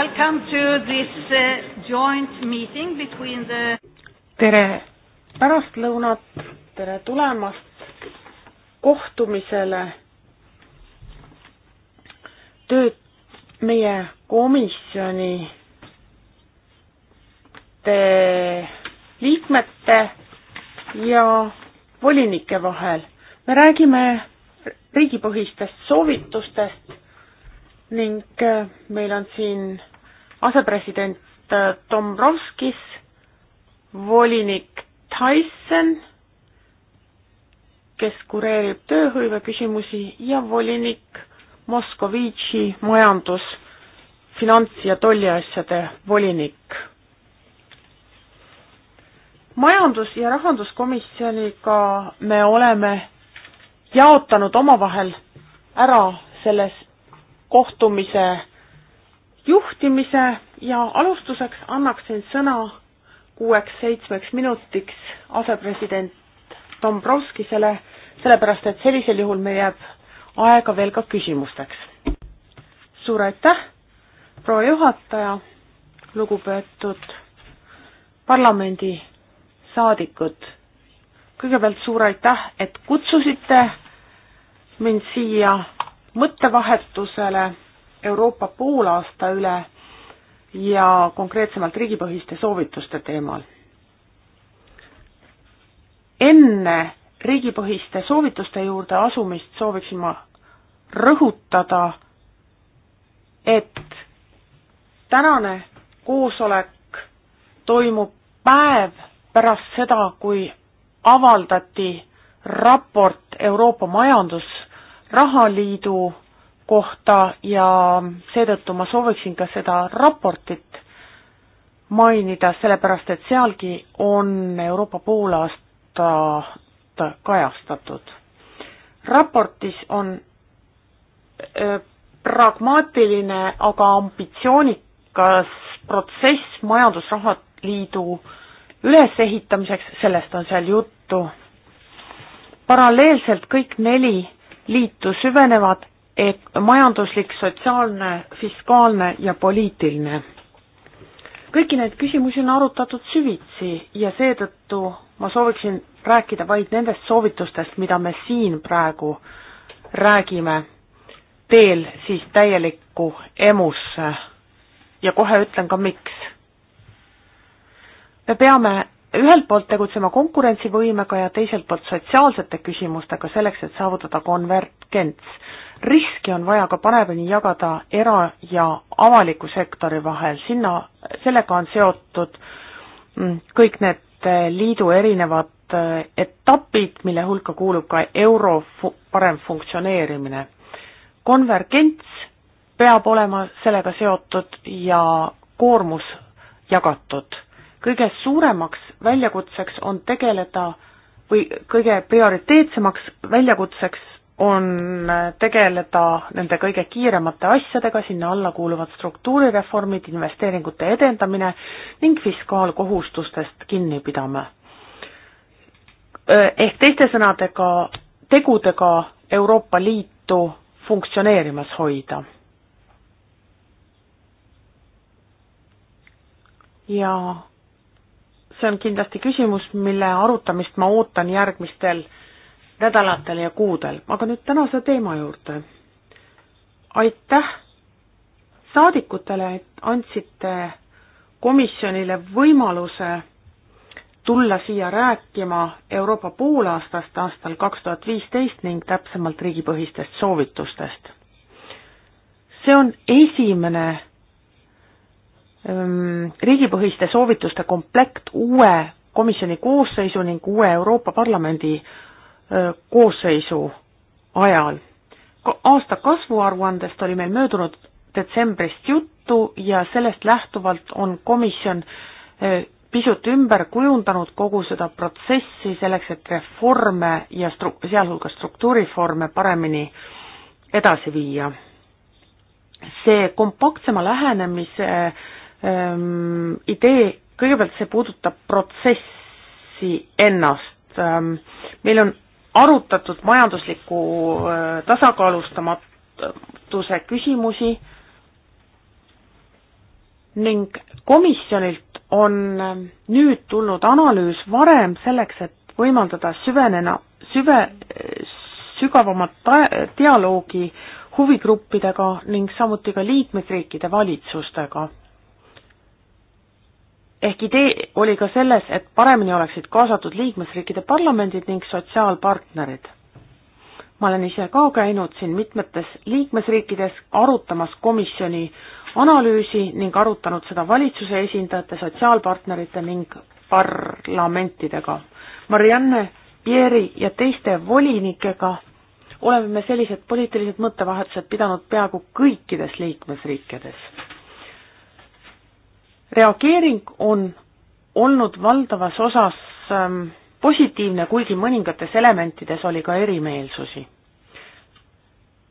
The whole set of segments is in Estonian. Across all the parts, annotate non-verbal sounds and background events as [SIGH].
Welcome to this uh, joint meeting between the tere pärastlõunat, tere tulemast kohtumisele tööd meie komisjoni liikmete ja volinike vahel. me räägime riigipõhistest soovitustest ning äh, meil on siin asepresident äh, Dombrovskis, volinik Tyson, kes kureerib tööhõive küsimusi ja volinik Moskovitši majandus, finants- ja tolliasjade volinik. majandus- ja rahanduskomisjoniga me oleme jaotanud omavahel ära selles kohtumise juhtimise ja alustuseks annaksin sõna kuueks-seitsmeks minutiks asepresident Dombrovskisele, sellepärast et sellisel juhul meil jääb aega veel ka küsimusteks. suur aitäh, proua juhataja, lugupeetud parlamendi saadikud, kõigepealt suur aitäh, et kutsusite mind siia mõttevahetusele Euroopa poolaasta üle ja konkreetsemalt riigipõhiste soovituste teemal. enne riigipõhiste soovituste juurde asumist sooviksin ma rõhutada, et tänane koosolek toimub päev pärast seda, kui avaldati raport Euroopa majandus- rahaliidu kohta ja seetõttu ma sooviksin ka seda raportit mainida, sellepärast et sealgi on Euroopa poolaastat kajastatud. raportis on öö, pragmaatiline, aga ambitsioonikas protsess majandusrahaliidu ülesehitamiseks, sellest on seal juttu. paralleelselt kõik neli liitu süvenevad, et majanduslik, sotsiaalne, fiskaalne ja poliitiline. kõiki neid küsimusi on arutatud süvitsi ja seetõttu ma sooviksin rääkida vaid nendest soovitustest, mida me siin praegu räägime, teel siis täielikku emusse. ja kohe ütlen ka, miks. me peame ühelt poolt tegutsema konkurentsivõimega ja teiselt poolt sotsiaalsete küsimustega selleks, et saavutada konvergents. riski on vaja ka paremini jagada era- ja avaliku sektori vahel, sinna, sellega on seotud mm, kõik need eh, liidu erinevad eh, etapid, mille hulka kuulub ka euro fu-, parem funktsioneerimine. konvergents peab olema sellega seotud ja koormus jagatud kõige suuremaks väljakutseks on tegeleda või kõige prioriteetsemaks väljakutseks on tegeleda nende kõige kiiremate asjadega, sinna alla kuuluvad struktuurireformid, investeeringute edendamine ning fiskaalkohustustest kinnipidame. ehk teiste sõnadega, tegudega Euroopa Liitu funktsioneerimas hoida. ja see on kindlasti küsimus, mille arutamist ma ootan järgmistel nädalatel ja kuudel, aga nüüd tänase teema juurde. aitäh saadikutele, et andsite komisjonile võimaluse tulla siia rääkima Euroopa poolaastast aastal kaks tuhat viisteist ning täpsemalt riigipõhistest soovitustest. see on esimene Ehm, riigipõhiste soovituste komplekt uue komisjoni koosseisu ning uue Euroopa Parlamendi koosseisu ajal. aasta kasvuaruandest oli meil möödunud detsembrist juttu ja sellest lähtuvalt on komisjon pisut ümber kujundanud kogu seda protsessi selleks, et reforme ja stru-, sealhulgas struktuuriforme paremini edasi viia. see kompaktsema lähenemise äh, ähm, idee, kõigepealt see puudutab protsessi ennast ähm,. meil on arutatud majandusliku äh, tasakaalustamatuse küsimusi ning komisjonilt on äh, nüüd tulnud analüüs varem selleks, et võimaldada süvenena, süve, sügavamat dialoogi huvigruppidega ning samuti ka liikmesriikide valitsustega ehk idee oli ka selles, et paremini oleksid kaasatud liikmesriikide parlamendid ning sotsiaalpartnerid. ma olen ise ka käinud siin mitmetes liikmesriikides arutamas komisjoni analüüsi ning arutanud seda valitsuse esindajate, sotsiaalpartnerite ning parlamentidega. Marianne Pieri ja teiste volinikega oleme me sellised poliitilised mõttevahetused pidanud peaaegu kõikides liikmesriikides reageering on olnud valdavas osas ähm, positiivne, kuigi mõningates elementides oli ka erimeelsusi.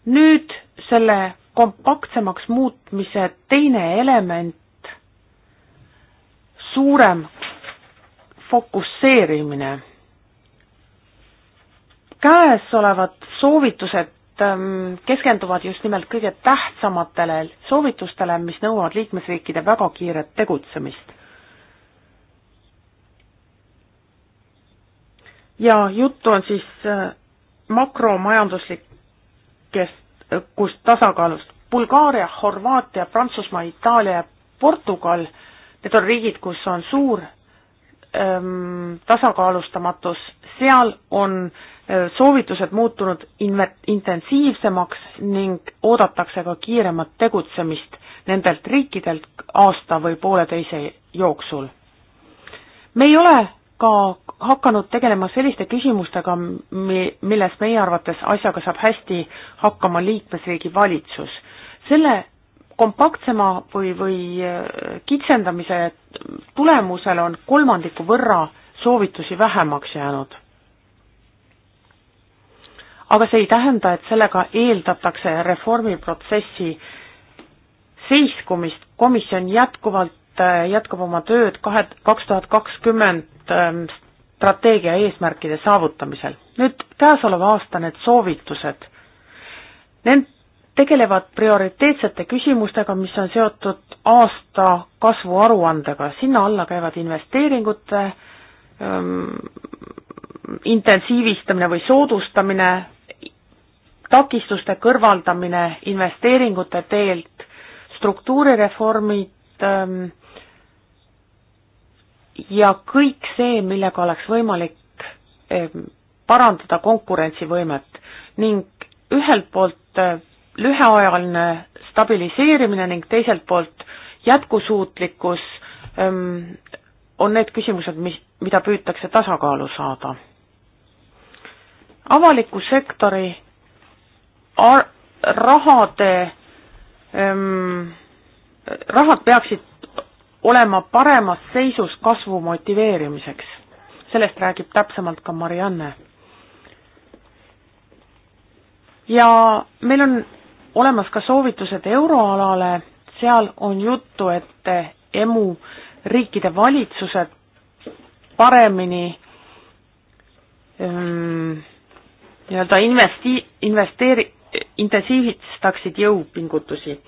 nüüd selle kompaktsemaks muutmise teine element, suurem fokusseerimine. käesolevad soovitused Ähm, keskenduvad just nimelt kõige tähtsamatele soovitustele, mis nõuavad liikmesriikide väga kiiret tegutsemist. ja juttu on siis äh, makromajanduslikest, äh, kust tasakaalust. Bulgaaria, Horvaatia, Prantsusmaa, Itaalia ja Portugal, need on riigid, kus on suur ähm, tasakaalustamatus, seal on äh, soovitused muutunud inve-, intensiivsemaks ning oodatakse ka kiiremat tegutsemist nendelt riikidelt aasta või pooleteise jooksul. me ei ole ka hakanud tegelema selliste küsimustega, mi-, milles meie arvates asjaga saab hästi hakkama liikmesriigi valitsus. selle kompaktsema või, või äh, kitsendamise tulemusel on kolmandiku võrra soovitusi vähemaks jäänud. aga see ei tähenda, et sellega eeldatakse reformiprotsessi seiskumist, komisjon jätkuvalt äh, jätkab oma tööd kahe, kaks tuhat kakskümmend ähm, strateegia eesmärkide saavutamisel. nüüd käesoleva aasta need soovitused, need tegelevad prioriteetsete küsimustega, mis on seotud aasta kasvuaruandega, sinna alla käivad investeeringute ähm, intensiivistamine või soodustamine, takistuste kõrvaldamine investeeringute teelt, struktuurireformid ähm, ja kõik see, millega oleks võimalik ähm, parandada konkurentsivõimet ning ühelt poolt äh, lüheajaline stabiliseerimine ning teiselt poolt jätkusuutlikkus öm, ähm, on need küsimused, mis, mida püütakse tasakaalu saada. avaliku sektori ar-, rahade, ähm, rahad peaksid olema paremas seisus kasvu motiveerimiseks. sellest räägib täpsemalt ka Marianne. ja meil on olemas ka soovitused euroalale, seal on juttu, et EMU riikide valitsused paremini ähm, nii-öelda investi-, investeeri-, intensiivistaksid jõupingutusi.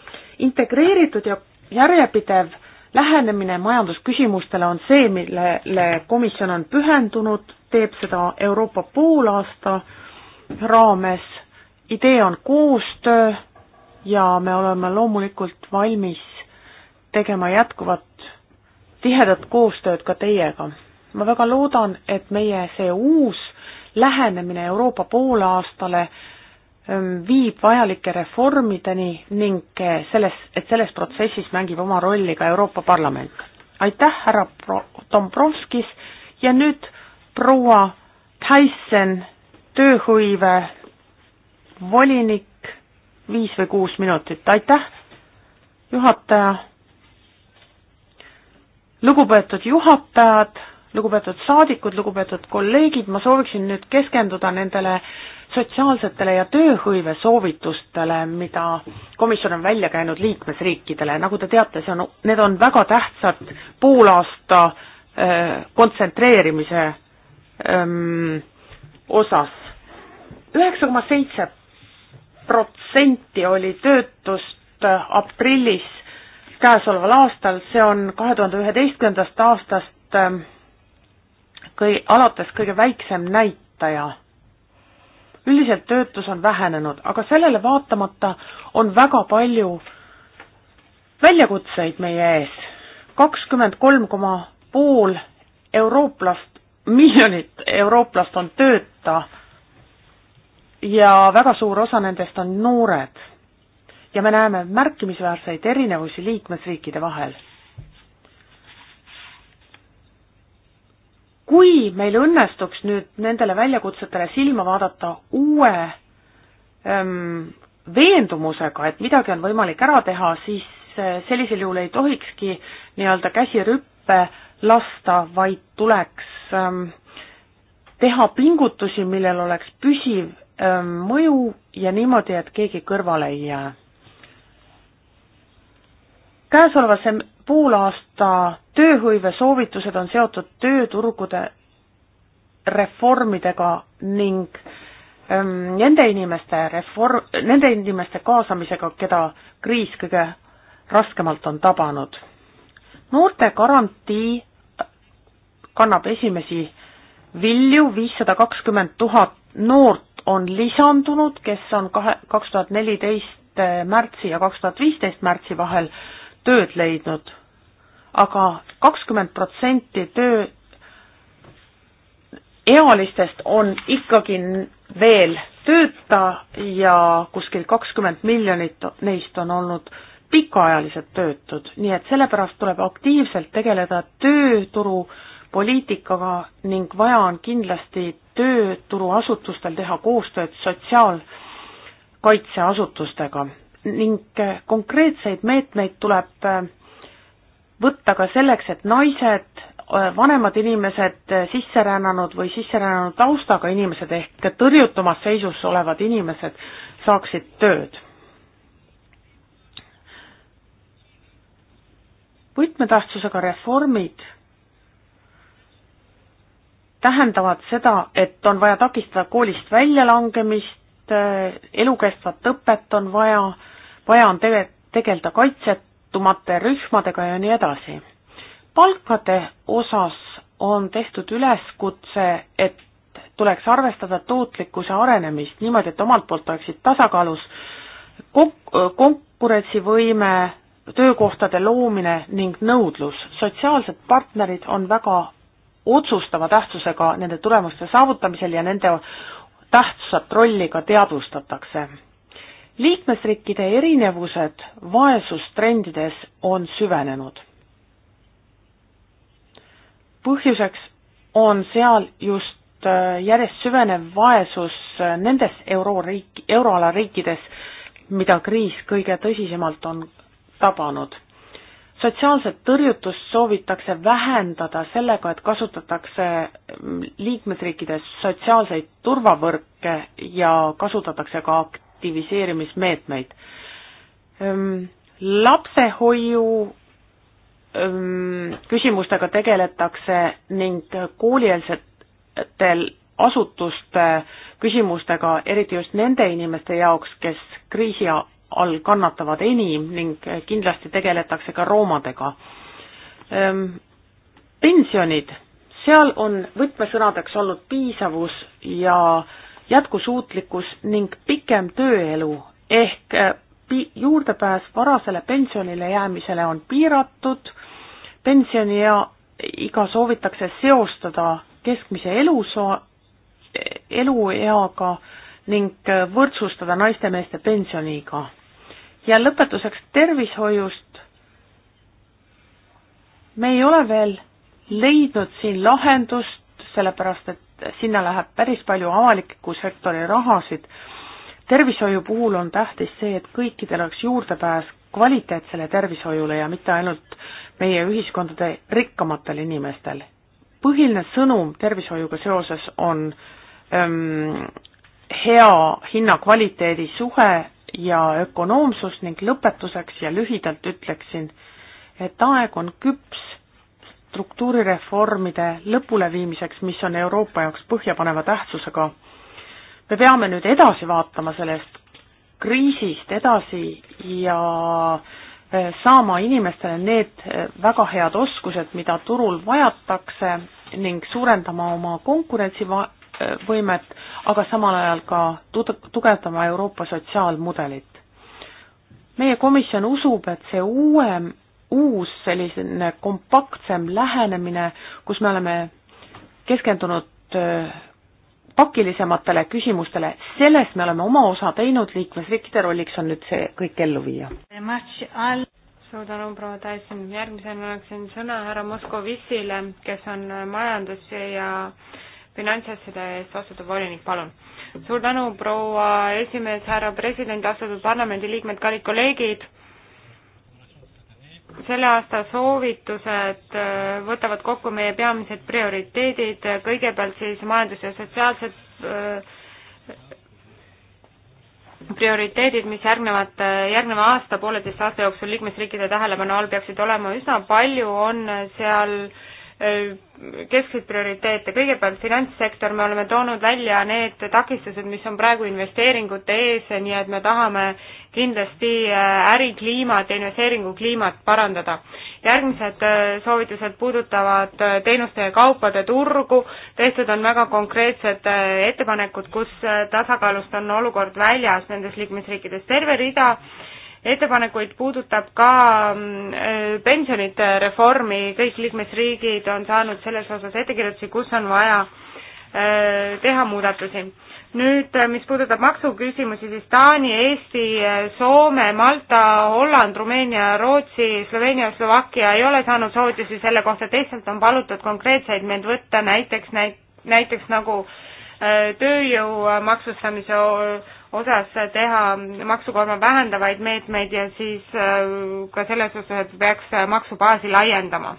integreeritud ja järjepidev lähenemine majandusküsimustele on see, millele komisjon on pühendunud, teeb seda Euroopa poolaasta raames, idee on koostöö, ja me oleme loomulikult valmis tegema jätkuvat tihedat koostööd ka teiega. ma väga loodan, et meie see uus lähenemine Euroopa poolaastale ähm, viib vajalike reformideni ning selles, et selles protsessis mängib oma rolli ka Euroopa Parlament. aitäh, härra Dombrovskis ja nüüd proua Tyson, tööhõive volinik, viis või kuus minutit, aitäh, juhataja. lugupeetud juhatajad, lugupeetud saadikud, lugupeetud kolleegid, ma sooviksin nüüd keskenduda nendele sotsiaalsetele ja tööhõive soovitustele, mida komisjon on välja käinud liikmesriikidele, nagu te teate, see on, need on väga tähtsad poolaasta öö, kontsentreerimise öö, osas. üheksa koma seitse protsenti oli töötust äh, aprillis käesoleval aastal, see on kahe tuhande üheteistkümnendast aastast ähm, kõi-, alates kõige väiksem näitaja. üldiselt töötus on vähenenud, aga sellele vaatamata on väga palju väljakutseid meie ees. kakskümmend kolm koma pool eurooplast, miljonit eurooplast on tööta ja väga suur osa nendest on noored. ja me näeme märkimisväärseid erinevusi liikmesriikide vahel. kui meil õnnestuks nüüd nendele väljakutsetele silma vaadata uue öm, ähm, veendumusega, et midagi on võimalik ära teha, siis äh, sellisel juhul ei tohikski nii-öelda käsi rüppe lasta, vaid tuleks ähm, teha pingutusi, millel oleks püsiv Ähm, mõju ja niimoodi, et keegi kõrvale ei jää. käesoleva sem-, poolaasta tööhõive soovitused on seotud tööturgude reformidega ning ähm, nende inimeste reform, nende inimeste kaasamisega, keda kriis kõige raskemalt on tabanud. noorte garantii äh, kannab esimesi vilju, viissada kakskümmend tuhat noort on lisandunud, kes on kahe, kaks tuhat neliteist märtsi ja kaks tuhat viisteist märtsi vahel tööd leidnud aga, aga kakskümmend protsenti töö ealistest on ikkagi veel tööta ja kuskil kakskümmend miljonit neist on olnud pikaajalised töötud, nii et sellepärast tuleb aktiivselt tegeleda tööturupoliitikaga ning vaja on kindlasti tööturuasutustel teha koostööd sotsiaalkaitseasutustega ning eh, konkreetseid meetmeid tuleb eh, võtta ka selleks, et naised, eh, vanemad inimesed, sisserännanud või sisserännanud taustaga inimesed ehk tõrjutumas seisus olevad inimesed saaksid tööd. võtmetähtsusega reformid tähendavad seda, et on vaja takistada koolist väljalangemist, elukestvat õpet on vaja, vaja on tege-, tegeleda kaitsetumate rühmadega ja nii edasi. palkade osas on tehtud üleskutse, et tuleks arvestada tootlikkuse arenemist niimoodi, et omalt poolt oleksid tasakaalus konkurentsivõime, töökohtade loomine ning nõudlus. sotsiaalsed partnerid on väga otsustava tähtsusega nende tulemuste saavutamisel ja nende tähtsat rolli ka teadvustatakse. liikmesriikide erinevused vaesustrendides on süvenenud. põhjuseks on seal just äh, järjest süvenev vaesus äh, nendes euroriik, euroala riikides, mida kriis kõige tõsisemalt on tabanud sotsiaalset tõrjutust soovitakse vähendada sellega, et kasutatakse liikmesriikides sotsiaalseid turvavõrke ja kasutatakse ka aktiviseerimismeetmeid. Ehm, lapsehoiu ehm, küsimustega tegeletakse ning koolieelsetel asutuste küsimustega, eriti just nende inimeste jaoks, kes kriisi all kannatavad enim ning kindlasti tegeletakse ka roomadega. Ehm, pensionid, seal on võtmesõnadeks olnud piisavus ja jätkusuutlikkus ning pikem tööelu ehk eh, pi-, juurdepääs varasele pensionile jäämisele on piiratud, pensioniea iga soovitakse seostada keskmise eluso-, elueaga ning võrdsustada naiste-meeste pensioniiga ja lõpetuseks tervishoiust. me ei ole veel leidnud siin lahendust, sellepärast et sinna läheb päris palju avaliku sektori rahasid. tervishoiu puhul on tähtis see, et kõikidel oleks juurdepääs kvaliteetsele tervishoiule ja mitte ainult meie ühiskondade rikkamatel inimestel. põhiline sõnum tervishoiuga seoses on öm, ähm, hea hinna kvaliteedi suhe ja ökonoomsust ning lõpetuseks ja lühidalt ütleksin, et aeg on küps struktuurireformide lõpuleviimiseks, mis on Euroopa jaoks põhjapaneva tähtsusega. me peame nüüd edasi vaatama sellest kriisist edasi ja eh, saama inimestele need eh, väga head oskused, mida turul vajatakse ning suurendama oma konkurentsiva-, konkurentsivõimet, aga samal ajal ka tugevdama Euroopa sotsiaalmudelit. meie komisjon usub, et see uuem, uus selline kompaktsem lähenemine, kus me oleme keskendunud äh, pakilisematele küsimustele, selles me oleme oma osa teinud, liikmesriikide rolliks on nüüd see kõik ellu viia. suur tänu, proua Tyson, järgmisena annaksin sõna härra Moskovitšile, kes on majandus- ja finantsasjade eest vastutav volinik, palun. suur tänu, proua esimees, härra president, austatud parlamendiliikmed, kallid kolleegid. selle aasta soovitused äh, võtavad kokku meie peamised prioriteedid, kõigepealt siis majandus- ja sotsiaalsed äh, prioriteedid, mis järgnevad, äh, järgneva aasta, pooleteist aasta jooksul liikmesriikide tähelepanu all peaksid olema üsna palju, on seal äh, keskseid prioriteete, kõigepealt finantssektor, me oleme toonud välja need takistused, mis on praegu investeeringute ees, nii et me tahame kindlasti äh, ärikliimat ja investeeringukliimat parandada. järgmised äh, soovitused puudutavad äh, teenuste ja kaupade turgu, tehtud on väga konkreetsed ettepanekud, kus tasakaalust on olukord väljas nendes liikmesriikides, terve rida ettepanekuid puudutab ka mm, äh, pensionite reformi, kõik liikmesriigid on saanud selles osas ettekirjutusi, kus on vaja äh, teha muudatusi. nüüd, äh, mis puudutab maksuküsimusi, siis Taani, Eesti, Soome, Malta, Holland, Rumeenia, Rootsi, Sloveenia, Slovakkia ei ole saanud soovitusi selle kohta, teistelt on palutud konkreetseid meid võtta, näiteks, näiteks nagu tööjõu maksustamise osas teha maksukoorma vähendavaid meetmeid ja siis äh, ka selles osas, et peaks maksubaasi laiendama.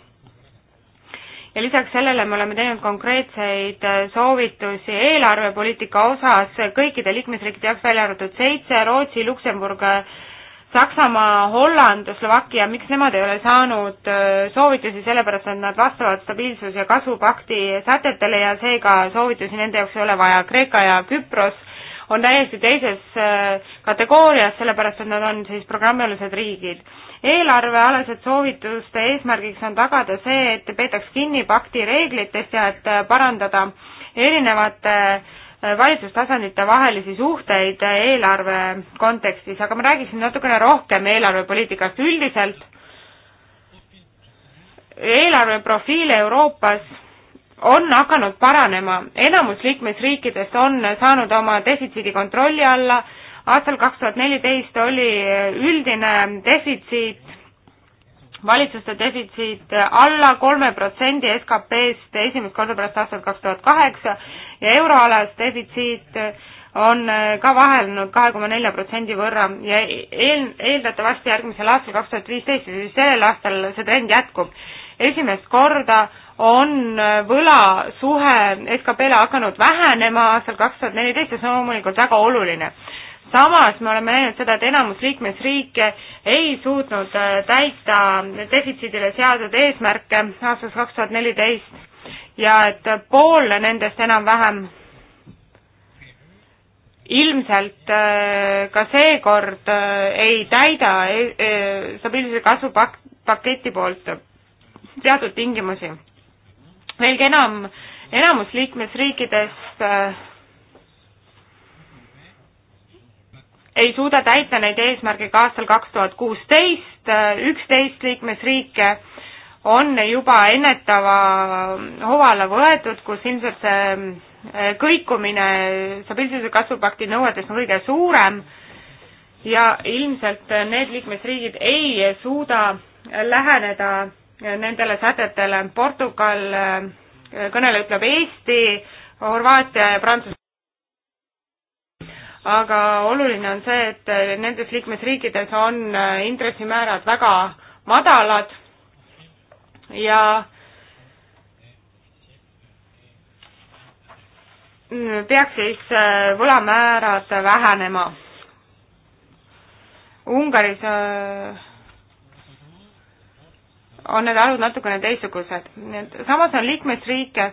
ja lisaks sellele me oleme teinud konkreetseid soovitusi eelarvepoliitika osas kõikide liikmesriikide jaoks, välja arvatud seitse, Rootsi, Luksemburg, Saksamaa, Holland, Slovakkia, miks nemad ei ole saanud äh, soovitusi, sellepärast et nad vastavad stabiilsus- ja kasvupakti sätetele ja seega soovitusi nende jaoks ei ole vaja. Kreeka ja Küpros on täiesti teises äh, kategoorias, sellepärast et nad on siis programmialused riigid. eelarvealased soovituste eesmärgiks on tagada see, et peetaks kinni pakti reeglitest ja et äh, parandada erinevate äh, valitsustasandite vahelisi suhteid eelarve kontekstis, aga ma räägiksin natukene rohkem eelarvepoliitikast üldiselt. eelarve profiil Euroopas on hakanud paranema, enamus liikmesriikidest on saanud oma defitsiidi kontrolli alla, aastal kaks tuhat neliteist oli üldine defitsiit, valitsuste defitsiit alla kolme protsendi SKP-st esimest korda pärast aastat kaks tuhat kaheksa ja euroalas defitsiit on ka vahelnud kahe koma nelja protsendi võrra ja eel, eeldatavasti järgmisel aastal, kaks tuhat viisteist ja siis sellel aastal see trend jätkub. esimest korda on võlasuhe SKP-le hakanud vähenema aastal kaks tuhat neliteist ja see on loomulikult väga oluline. samas me oleme näinud seda, et enamus liikmesriike ei suutnud äh, täita defitsiidile seatud eesmärke aastast kaks tuhat neliteist ja et pool nendest enam-vähem ilmselt äh, ka seekord äh, ei täida stabiilsuse kasvupaketi poolt teatud tingimusi veelgi enam, enamus liikmesriikidest äh, ei suuda täita neid eesmärke ka aastal kaks tuhat kuusteist, äh, üksteist liikmesriike on juba ennetava hooala võetud, kus ilmselt see äh, kõikumine stabiilsuse kasvupakti nõuetest on kõige suurem ja ilmselt need liikmesriigid ei suuda läheneda nendele sätetele. Portugal, äh, kõneleja ütleb Eesti, Horvaatia ja Prantsusmaa. aga oluline on see, et äh, nendes liikmesriikides on äh, intressimäärad väga madalad ja mm, peaks siis võlamäärad vähenema. Ungaris on need arvud natukene teistsugused. samas on liikmesriike,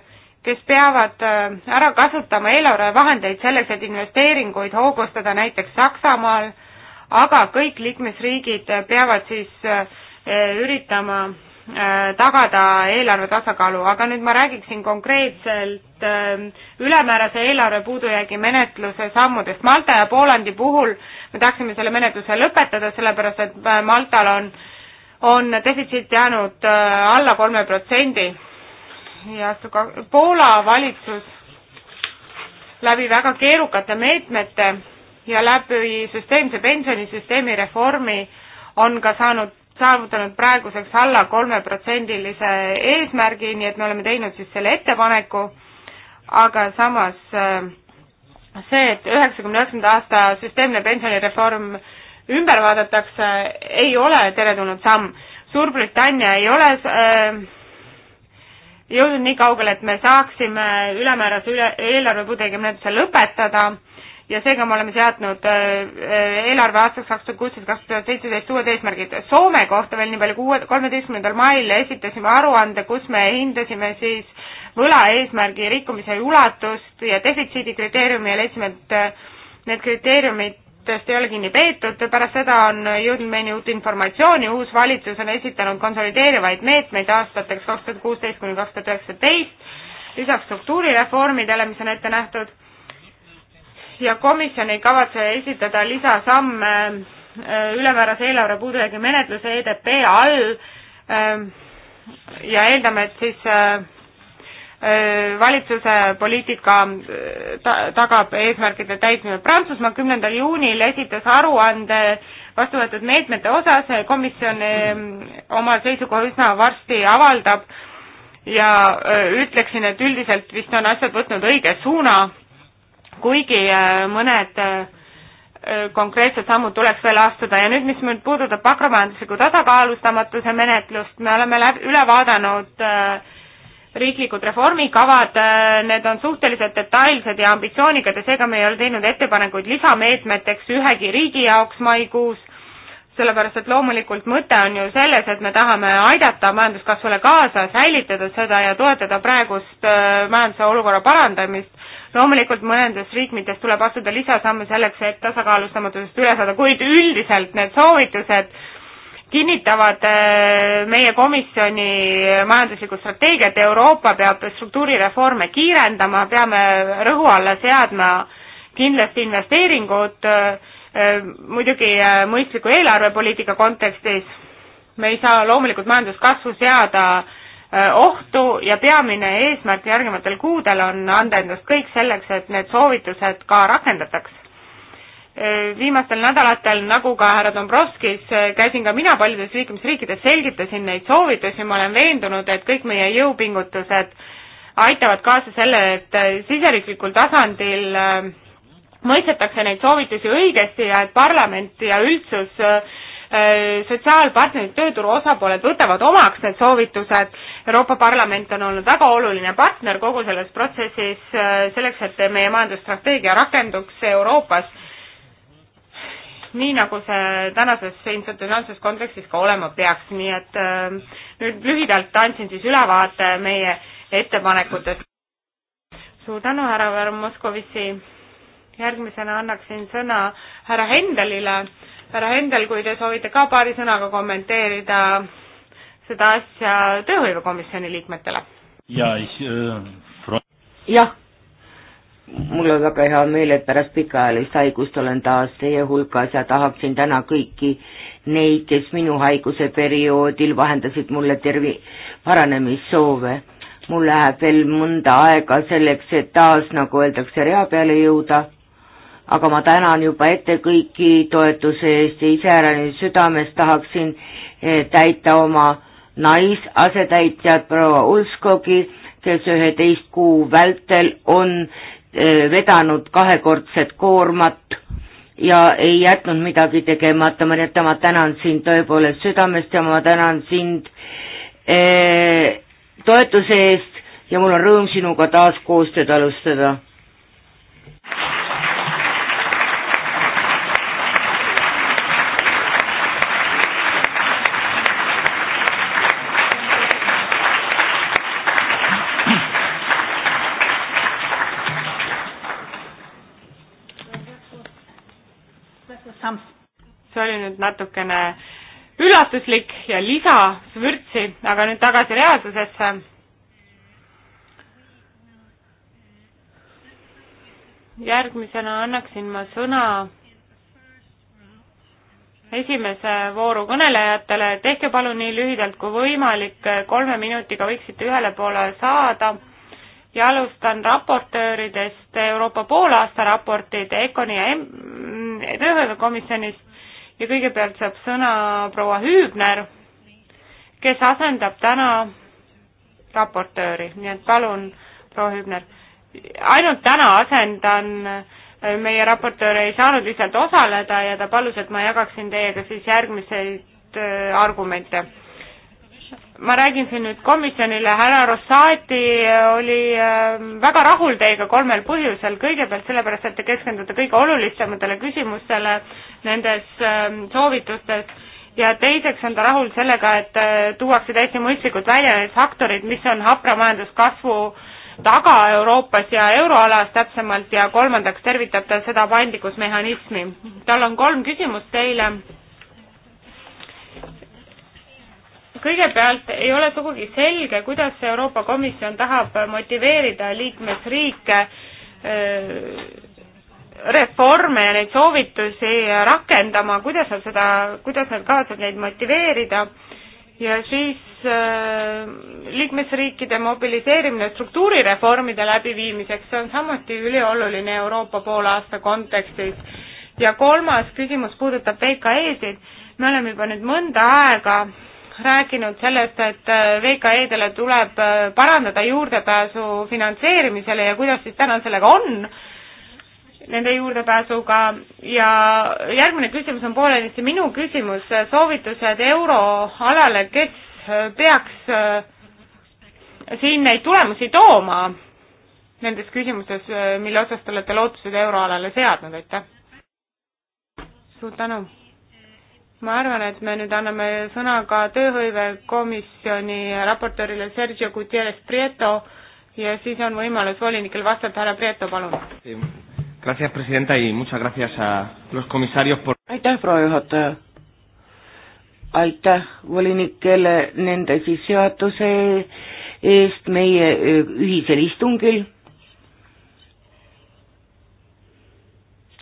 kes peavad äh, ära kasutama eelarvevahendeid selleks, et investeeringuid hoogustada näiteks Saksamaal, aga kõik liikmesriigid peavad siis äh, üritama äh, tagada eelarve tasakaalu, aga nüüd ma räägiksin konkreetselt ülemäärase eelarve puudujäägi menetluse sammudest. Malta ja Poolandi puhul me tahaksime selle menetluse lõpetada, sellepärast et Maltal on äh, on defitsiit jäänud äh, alla kolme protsendi ja Poola valitsus läbi väga keerukate meetmete ja läbi süsteemse pensionisüsteemi reformi on ka saanud, saavutanud praeguseks alla kolmeprotsendilise eesmärgi, nii et me oleme teinud siis selle ettepaneku, aga samas äh, see, et üheksakümne üheksanda aasta süsteemne pensionireform ümber vaadatakse, ei ole teretulnud samm. Suurbritannia ei ole äh, jõudnud nii kaugele, et me saaksime ülemäärase üle, eelarvepuudega menetluse lõpetada ja seega me oleme seadnud äh, eelarve aastaks kaks tuhat kuusteist, kaks tuhat seitseteist uued eesmärgid. Soome kohta veel nii palju, kuue, kolmeteistkümnendal mail esitasime aruande, kus me hindasime siis võla eesmärgi rikkumise ulatust ja defitsiidi kriteeriumi ja leidsime, et äh, need kriteeriumid sellest ei ole kinni peetud, pärast seda on jõudnud meile uut informatsiooni, uus valitsus on esitanud konsolideerivaid meetmeid aastateks kaks tuhat kuusteist kuni kaks tuhat üheksateist, lisaks struktuurireformidele, mis on ette nähtud, ja komisjon ei kavatse esitada lisasamme äh, ülemäärase eelarve puudujäägi menetluse EDP all ähm, ja eeldame, et siis äh, Äh, valitsuse poliitika äh, ta tagab eesmärkide täitmine. Prantsusmaa kümnendal juunil esitas aruande vastu võetud meetmete osas, komisjon ähm, oma seisukoha üsna varsti avaldab ja äh, ütleksin, et üldiselt vist on asjad võtnud õige suuna, kuigi mõned konkreetsed sammud tuleks veel astuda ja nüüd, mis nüüd puudutab makromajandusliku tasakaalustamatuse menetlust, me oleme läbi, üle vaadanud äh, riiklikud reformikavad, äh, need on suhteliselt detailsed ja ambitsioonikad ja seega me ei ole teinud ettepanekuid lisameetmeteks ühegi riigi jaoks maikuus, sellepärast et loomulikult mõte on ju selles, et me tahame aidata majanduskasvule kaasa, säilitada seda ja toetada praegust äh, majanduse olukorra parandamist, loomulikult mõnedes riikides tuleb astuda lisasamme selleks, et tasakaalustamatusest üle saada, kuid üldiselt need soovitused, kinnitavad äh, meie komisjoni äh, majanduslikku strateegiat, Euroopa peab struktuurireforme kiirendama, peame rõhu alla seadma kindlasti investeeringud, äh, muidugi mõistliku eelarvepoliitika kontekstis, me ei saa loomulikult majanduskasvu seada ohtu ja peamine eesmärk järgnevatel kuudel on anda endast kõik selleks, et need soovitused ka rakendataks Eh, viimastel nädalatel, nagu ka härra Dombrovskis, eh, käisin ka mina paljudes liikmesriikides, selgitasin neid soovitusi, ma olen veendunud, et kõik meie jõupingutused aitavad kaasa selle, et eh, siseriiklikul tasandil mõistetakse neid soovitusi õigesti ja et parlament ja üldsus sotsiaalpartnerid, tööturu osapooled võtavad omaks need soovitused. Euroopa Parlament on olnud väga oluline partner kogu selles protsessis selleks, et meie majandusstrateegia rakenduks Euroopas nii nagu see tänases institutsionaalses kontekstis ka olema peaks, nii et äh, nüüd lühidalt andsin siis ülevaate meie ettepanekutest. suur tänu, härra Vermoskovitši. järgmisena annaksin sõna härra Hendelile. härra Hendel, kui te soovite ka paari sõnaga kommenteerida seda asja tööhõivekomisjoni liikmetele. ja, äh, jah mul on väga hea meel, et pärast pikaajalist haigust olen taas teie hulgas ja tahaksin täna kõiki neid, kes minu haiguse perioodil vahendasid mulle tervi-, paranemissoove. mul läheb veel mõnda aega selleks, et taas, nagu öeldakse, rea peale jõuda, aga ma tänan juba ette kõiki toetuse eest ja iseäranis südames tahaksin eh, täita oma naisasetäitjat proua Ulskogi, kes üheteist kuu vältel on vedanud kahekordset koormat ja ei jätnud midagi tegemata, ma nii et ma tänan sind tõepoolest südamest ja ma tänan sind toetuse eest ja mul on rõõm sinuga taas koostööd alustada see oli nüüd natukene üllatuslik ja lisa vürtsi, aga nüüd tagasi reaalsusesse. järgmisena annaksin ma sõna esimese vooru kõnelejatele, tehke palun nii lühidalt kui võimalik, kolme minutiga võiksite ühele poole saada ja alustan raportööridest Euroopa poolaasta raportid EKONi ja tööhõivekomisjonist ja kõigepealt saab sõna proua Hüübner, kes asendab täna raportööri, nii et palun, proua Hüübner. ainult täna asendan, meie raportöör ei saanud lihtsalt osaleda ja ta palus, et ma jagaksin teiega siis järgmiseid äh, argumente ma räägin siin nüüd komisjonile, härra Rossati äh, oli äh, väga rahul teiega kolmel põhjusel, kõigepealt sellepärast, et te keskendute kõige olulisematele küsimustele nendes ähm, soovitustes ja teiseks on ta rahul sellega, et äh, tuuakse täiesti mõistlikult välja need faktorid, mis on hapra majanduskasvu taga Euroopas ja euroalas täpsemalt ja kolmandaks tervitab ta seda paindlikkusmehhanismi. tal on kolm küsimust teile kõigepealt ei ole sugugi selge, kuidas Euroopa Komisjon tahab motiveerida liikmesriike äh, reforme ja neid soovitusi rakendama, kuidas nad seda, kuidas nad kavatsevad neid motiveerida ja siis äh, liikmesriikide mobiliseerimine struktuurireformide läbiviimiseks, see on samuti ülioluline Euroopa poolaasta kontekstis. ja kolmas küsimus puudutab VKE-sid, me oleme juba nüüd mõnda aega rääkinud sellest, et äh, VKE-dele tuleb äh, parandada juurdepääsu finantseerimisele ja kuidas siis täna sellega on, nende juurdepääsuga ja järgmine küsimus on poolenisti minu küsimus, soovitused euroalale, kes äh, peaks siin neid tulemusi tooma nendes küsimustes, mille osas te olete lootused euroalale seadnud, aitäh! suur tänu! ma arvan, et me nüüd anname sõna ka tööhõivekomisjoni raportöörile Sergio Gutierrez Prieto ja siis on võimalus volinikel vastata, härra Prieto, palun. Gracias, presidenta, y muchas gracias a los comisarios por... aitäh, proua juhataja. aitäh volinikele nende sissejuhatuse eest meie e, ühisel istungil.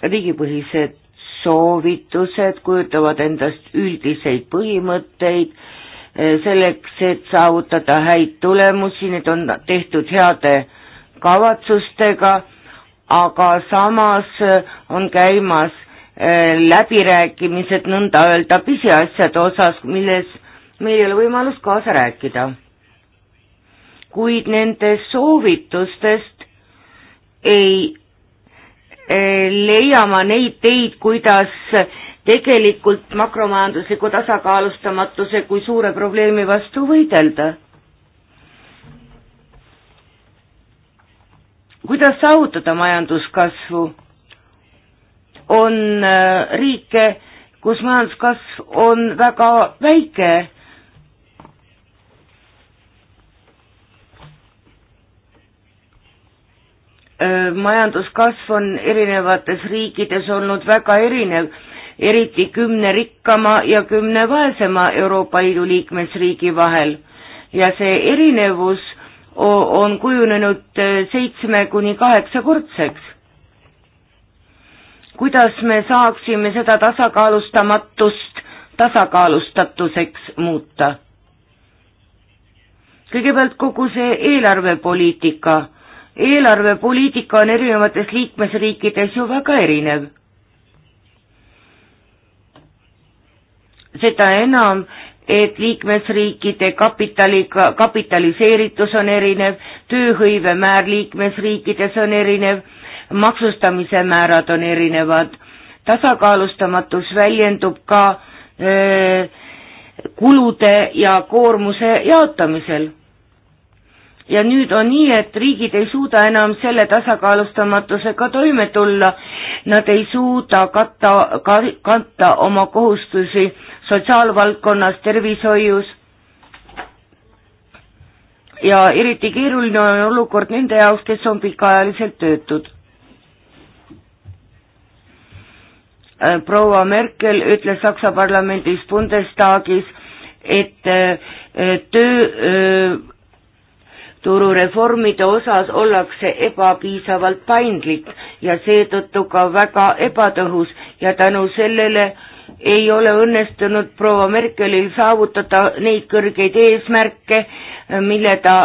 riigipõhised soovitused kujutavad endast üldiseid põhimõtteid eh, selleks, et saavutada häid tulemusi, need on tehtud heade kavatsustega, aga samas eh, on käimas eh, läbirääkimised nõnda öelda pisiasjade osas, milles meil ei ole võimalust kaasa rääkida. kuid nendest soovitustest ei Eh, leiama neid teid, kuidas tegelikult makromajandusliku tasakaalustamatuse kui suure probleemi vastu võidelda. kuidas saavutada majanduskasvu? on äh, riike, kus majanduskasv on väga väike majanduskasv on erinevates riikides olnud väga erinev, eriti kümne rikkama ja kümne vaesema Euroopa Liidu liikmesriigi vahel ja see erinevus on kujunenud seitsme kuni kaheksakordseks. kuidas me saaksime seda tasakaalustamatust tasakaalustatuseks muuta? kõigepealt kogu see eelarvepoliitika eelarvepoliitika on erinevates liikmesriikides ju väga erinev. seda enam, et liikmesriikide kapitali, kapitaliseeritus on erinev, tööhõive määr liikmesriikides on erinev, maksustamise määrad on erinevad, tasakaalustamatus väljendub ka öö, kulude ja koormuse jaotamisel ja nüüd on nii, et riigid ei suuda enam selle tasakaalustamatusega toime tulla, nad ei suuda katta ka,, katta oma kohustusi sotsiaalvaldkonnas, tervishoius ja eriti keeruline on olukord nende jaoks, kes on pikaajaliselt töötud. Äh, proua Merkel ütles Saksa parlamendis Bundestagis, et äh, töö äh, turureformide osas ollakse ebapiisavalt paindlik ja seetõttu ka väga ebatõhus ja tänu sellele ei ole õnnestunud proua Merkelil saavutada neid kõrgeid eesmärke, mille ta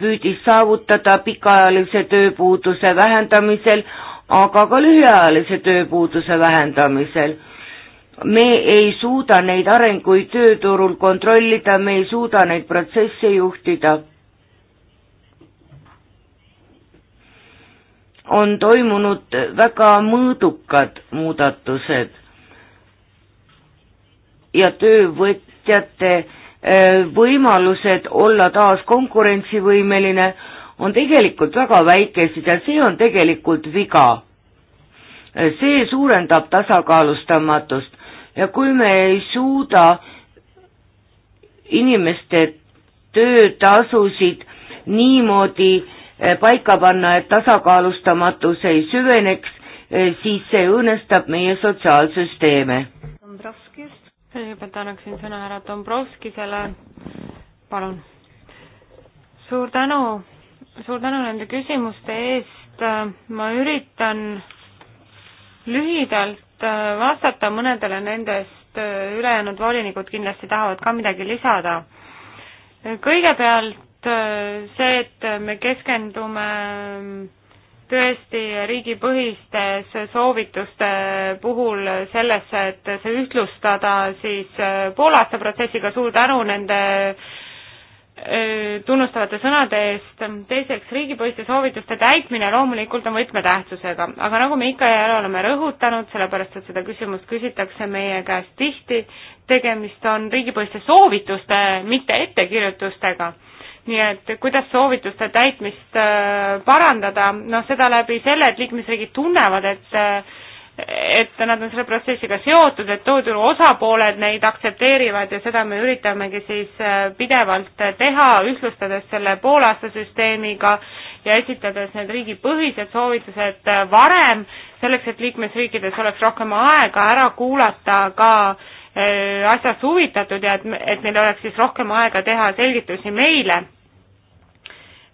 püüdis saavutada pikaajalise tööpuuduse vähendamisel, aga ka lühiajalise tööpuuduse vähendamisel me ei suuda neid arenguid tööturul kontrollida, me ei suuda neid protsesse juhtida on toimunud väga mõõdukad muudatused ja töövõtjate eh, võimalused olla taas konkurentsivõimeline on tegelikult väga väikesed ja see on tegelikult viga. Eh, see suurendab tasakaalustamatust ja kui me ei suuda inimeste töötasusid niimoodi Eh, paika panna, et tasakaalustamatus ei süveneks, eh, siis see õõnestab meie sotsiaalsüsteeme. kõigepealt annaksin sõna härra Dombrovskisele, palun. suur tänu, suur tänu nende küsimuste eest, ma üritan lühidalt eh, vastata mõnedele nendest, ülejäänud volinikud kindlasti tahavad ka midagi lisada. kõigepealt Äh, see, et me keskendume ähm, tõesti riigipõhistes soovituste puhul sellesse, et see ühtlustada siis äh, poolaasta protsessiga, suur tänu nende äh, tunnustavate sõnade eest, teiseks, riigipõhiste soovituste täitmine loomulikult on võtmetähtsusega, aga nagu me ikka ja jälle oleme rõhutanud, sellepärast et seda küsimust küsitakse meie käest tihti, tegemist on riigipõhiste soovituste, mitte ettekirjutustega nii et kuidas soovituste täitmist äh, parandada, noh seda läbi selle, et liikmesriigid tunnevad, et äh, et nad on selle protsessiga seotud, et tööturu osapooled neid aktsepteerivad ja seda me üritamegi siis äh, pidevalt teha, ühtlustades selle poolaasta süsteemiga ja esitades need riigipõhised soovitused varem, selleks et liikmesriikides oleks rohkem aega ära kuulata ka äh, Äh, asjast huvitatud ja et, et neil oleks siis rohkem aega teha selgitusi meile.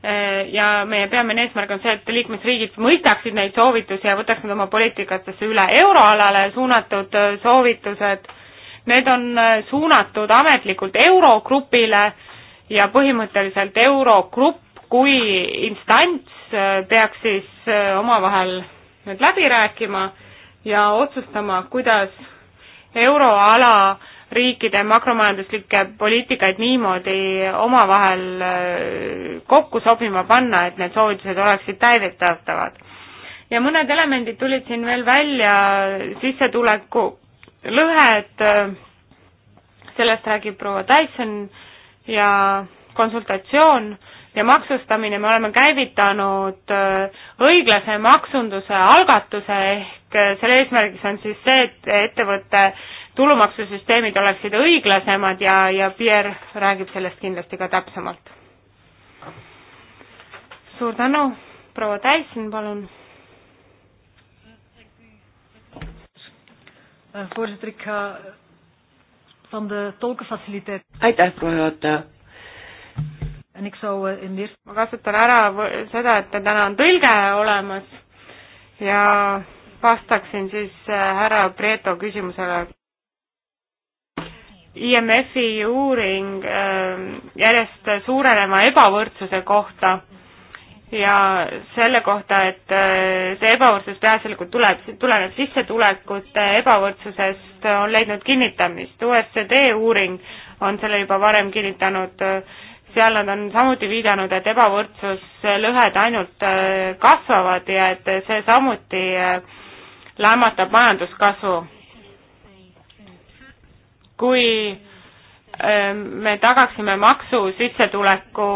Äh, ja meie peamine eesmärk on see, et liikmesriigid mõistaksid neid soovitusi ja võtaks need oma poliitikatesse üle. euroalale suunatud äh, soovitused, need on suunatud ametlikult Eurogrupile ja põhimõtteliselt Eurogrupp kui instants peaks siis omavahel nüüd läbi rääkima ja otsustama, kuidas euroala riikide makromajanduslikke poliitikaid niimoodi omavahel äh, kokku sobima panna, et need soovitused oleksid täidetavad. ja mõned elemendid tulid siin veel välja, sissetuleku lõhed, äh, sellest räägib proua Tyson ja konsultatsioon ja maksustamine, me oleme käivitanud äh, õiglase maksunduse algatuse ehk äh, selle eesmärgiks on siis see, et ettevõtte tulumaksusüsteemid oleksid õiglasemad ja, ja Pierre räägib sellest kindlasti ka täpsemalt. suur tänu, proua Täissen, palun. voorzitter, ik ga van de tolkenfaciliteit. aitäh, proua juhataja ma kasutan ära seda, et täna on tõlge olemas ja vastaksin siis äh, härra Preeto küsimusele. IMF-i uuring ähm, järjest suureneva ebavõrdsuse kohta ja selle kohta, et äh, see ebavõrdsus peaasjalikult tuleb, tuleneb sissetulekute ebavõrdsusest, on leidnud kinnitamist. OECD uuring on selle juba varem kinnitanud seal nad on samuti viidanud, et ebavõrdsuslõhed ainult äh, kasvavad ja et see samuti äh, lämmatab majanduskasvu. kui äh, me tagaksime maksu sissetuleku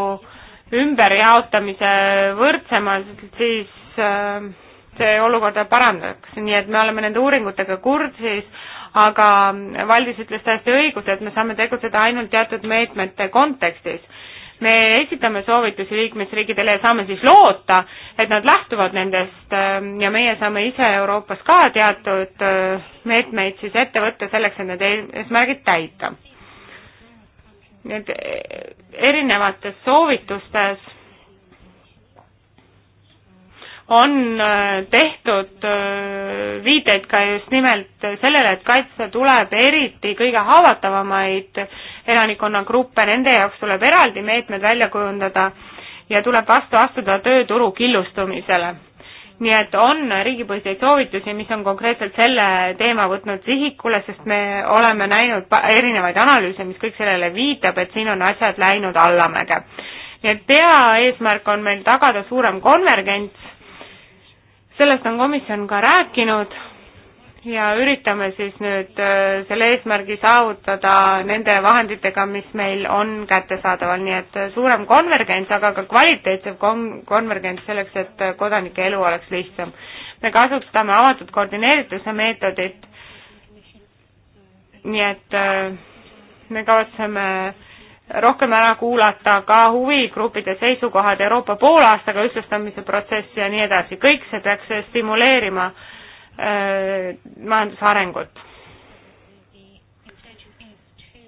ümberjaotamise võrdsemalt, siis see olukorda parandaks, nii et me oleme nende uuringutega kursis, aga Valdis ütles täiesti õigus, et me saame tegutseda ainult teatud meetmete kontekstis. me esitame soovitusi liikmesriikidele ja saame siis loota, et nad lähtuvad nendest ähm, ja meie saame ise Euroopas ka teatud äh, meetmeid siis ette võtta selleks, et need e-, eesmärgid täita. Need äh, erinevates soovitustes on äh, tehtud äh, viiteid ka just nimelt sellele, et kaitsta tuleb eriti kõige haavatavamaid elanikkonnagruppe, nende jaoks tuleb eraldi meetmed välja kujundada ja tuleb vastu astuda tööturu killustumisele. nii et on riigipõhiseid soovitusi, mis on konkreetselt selle teema võtnud sihikule, sest me oleme näinud erinevaid analüüse, mis kõik sellele viitab, et siin on asjad läinud allamäge. nii et peaeesmärk on meil tagada suurem konvergents sellest on komisjon ka rääkinud ja üritame siis nüüd äh, selle eesmärgi saavutada nende vahenditega, mis meil on kättesaadaval, nii et äh, suurem konvergents, aga ka kvaliteetsev kon-, konvergents selleks, et äh, kodanike elu oleks lihtsam. me kasutame avatud koordineerituse meetodit, nii et me kavatseme äh, rohkem ära kuulata ka huvigruppide seisukohad Euroopa poolaastaga ühtlustamise protsessi ja nii edasi, kõik see peaks stimuleerima äh, majandusarengut.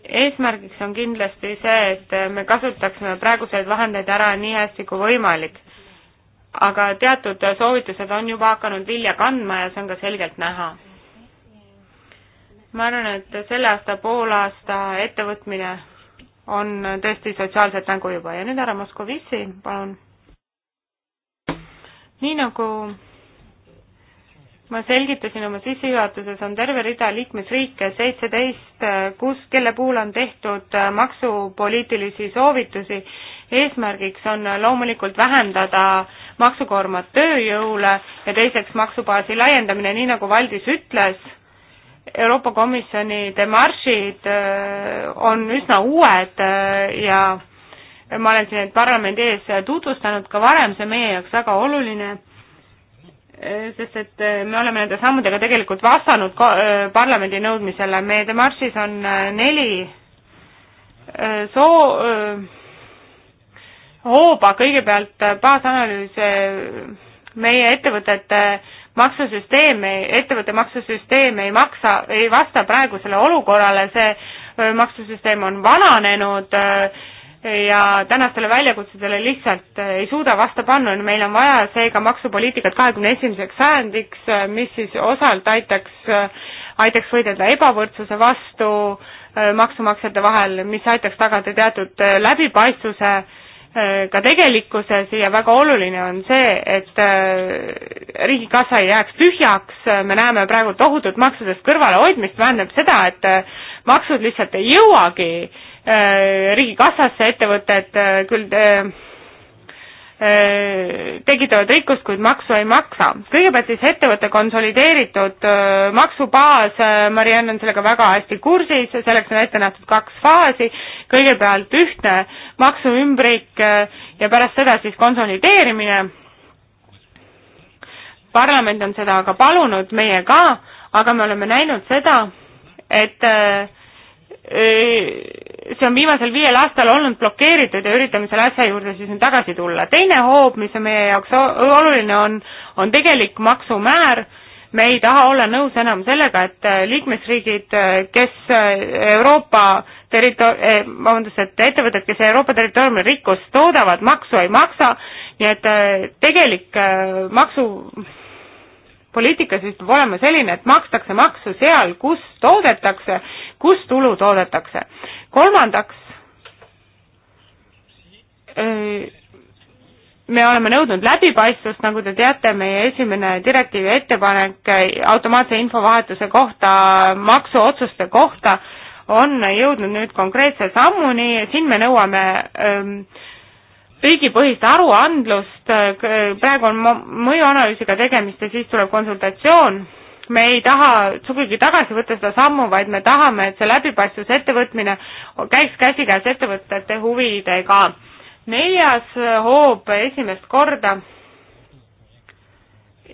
eesmärgiks on kindlasti see, et me kasutaksime praeguseid vahendeid ära nii hästi kui võimalik. aga teatud soovitused on juba hakanud vilja kandma ja see on ka selgelt näha. ma arvan, et selle aasta poolaasta ettevõtmine on tõesti sotsiaalset mängu juba ja nüüd härra Moskovitši, palun. nii nagu ma selgitasin oma sissejuhatuses, on terve rida liikmesriike, seitseteist, kus, kelle puhul on tehtud äh, maksupoliitilisi soovitusi. eesmärgiks on loomulikult vähendada maksukoormat tööjõule ja teiseks maksubaasi laiendamine, nii nagu Valdis ütles Euroopa Komisjoni demaršid äh, on üsna uued äh, ja ma olen siin parlamendi ees tutvustanud ka varem, see on meie jaoks väga oluline, äh, sest et me oleme nende sammudega tegelikult vastanud parlamendi nõudmisele, meie demaršis on neli soo-, hooba, kõigepealt baasanalüüs meie ettevõtete et maksusüsteem, ettevõtte maksusüsteem ei maksa, ei vasta praegusele olukorrale, see maksusüsteem on vananenud ja tänastele väljakutsedele lihtsalt ei suuda vastu panna, meil on vaja seega maksupoliitikat kahekümne esimeseks sajandiks, mis siis osalt aitaks, aitaks võidelda ebavõrdsuse vastu maksumaksjate vahel, mis aitaks tagada teatud läbipaistvuse Äh, ka tegelikkuses ja väga oluline on see, et äh, riigikassa ei jääks tühjaks, me näeme praegu tohutut maksudest kõrvalehoidmist, tähendab seda, et äh, maksud lihtsalt ei jõuagi riigikassasse, ettevõtted küll Äh, tekitavad rikkust, kuid maksu ei maksa. kõigepealt siis ettevõtte konsolideeritud äh, maksubaas, äh, Mariann on sellega väga hästi kursis, selleks on ette nähtud kaks faasi, kõigepealt ühtne maksuümbrik ja pärast seda siis konsolideerimine. parlament on seda aga palunud, meie ka, aga me oleme näinud seda, et äh, see on viimasel viiel aastal olnud blokeeritud ja üritame selle asja juurde siis nüüd tagasi tulla. teine hoob, mis on meie jaoks oluline, on, on tegelik maksumäär. me ei taha olla nõus enam sellega, et äh, liikmesriigid, äh, kes äh, Euroopa territo-, vabandust, et ettevõtted, kes Euroopa territooriumil rikkust toodavad, maksu ei maksa, nii et tegelik maksu poliitika siis peab olema selline, et makstakse maksu seal, kus toodetakse, kus tulu toodetakse. kolmandaks, äh, me oleme nõudnud läbipaistvust, nagu te teate, meie esimene direktiivi ettepanek automaatse infovahetuse kohta, maksuotsuste kohta, on jõudnud nüüd konkreetse sammuni, siin me nõuame öö, ähm, riigipõhist aruandlust, praegu on mõjuanalüüsiga tegemist ja siis tuleb konsultatsioon, me ei taha sugugi tagasi võtta seda sammu, vaid me tahame, et see läbipaistvuse ettevõtmine käiks käsikäes ettevõtete huvidega. neljas hoob esimest korda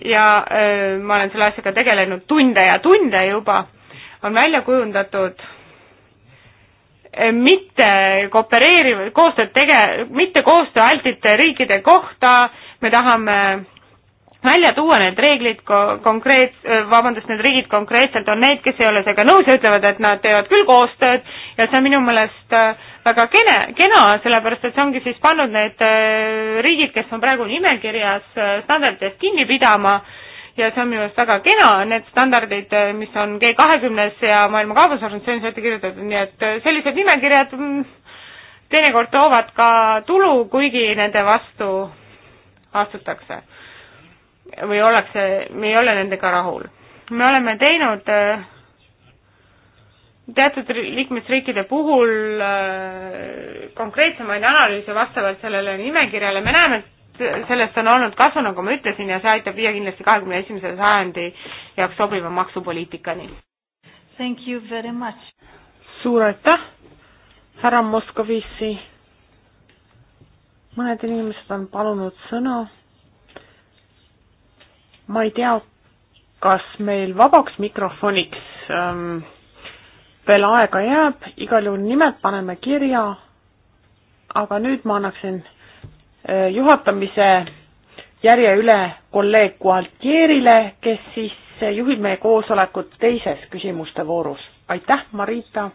ja öö, ma olen selle asjaga tegelenud tunde ja tunde juba, on välja kujundatud Eh, mitte koopereeriv, koostööd tege-, mitte koostööaltite riikide kohta, me tahame välja tuua need reeglid ko-, konkreet-, eh, vabandust, need riigid konkreetselt on need, kes ei ole sellega nõus ja ütlevad, et nad teevad küll koostööd ja see on minu meelest eh, väga kene, kena, sellepärast et see ongi siis pannud need riigid, kes on praegu nimekirjas standarditest kinni pidama äh, ja see on minu arust väga kena, need standardid, äh, mis on G20-s ja Maailma Kaubandusorganisatsioonis ette kirjutatud, nii et äh, sellised nimekirjad mm, teinekord toovad ka tulu, kuigi nende vastu astutakse. või ollakse, me ei ole nendega rahul. me oleme teinud äh, teatud liikmesriikide puhul konkreetsemaid analüüse vastavalt sellele nimekirjale, me näeme, et sellest on olnud kasu, nagu ma ütlesin, ja see aitab viia kindlasti kahekümne esimese sajandi jaoks sobiva maksupoliitikani. Thank you very much. suur aitäh, härra Moskovitši. mõned inimesed on palunud sõna. ma ei tea, kas meil vabaks mikrofoniks ähm, veel aega jääb, igal juhul nimed paneme kirja. aga nüüd ma annaksin Äh, juhatamise järje üle kolleeg Gualtierile, kes siis äh, juhib meie koosolekut teises küsimuste voorus. aitäh, Marita!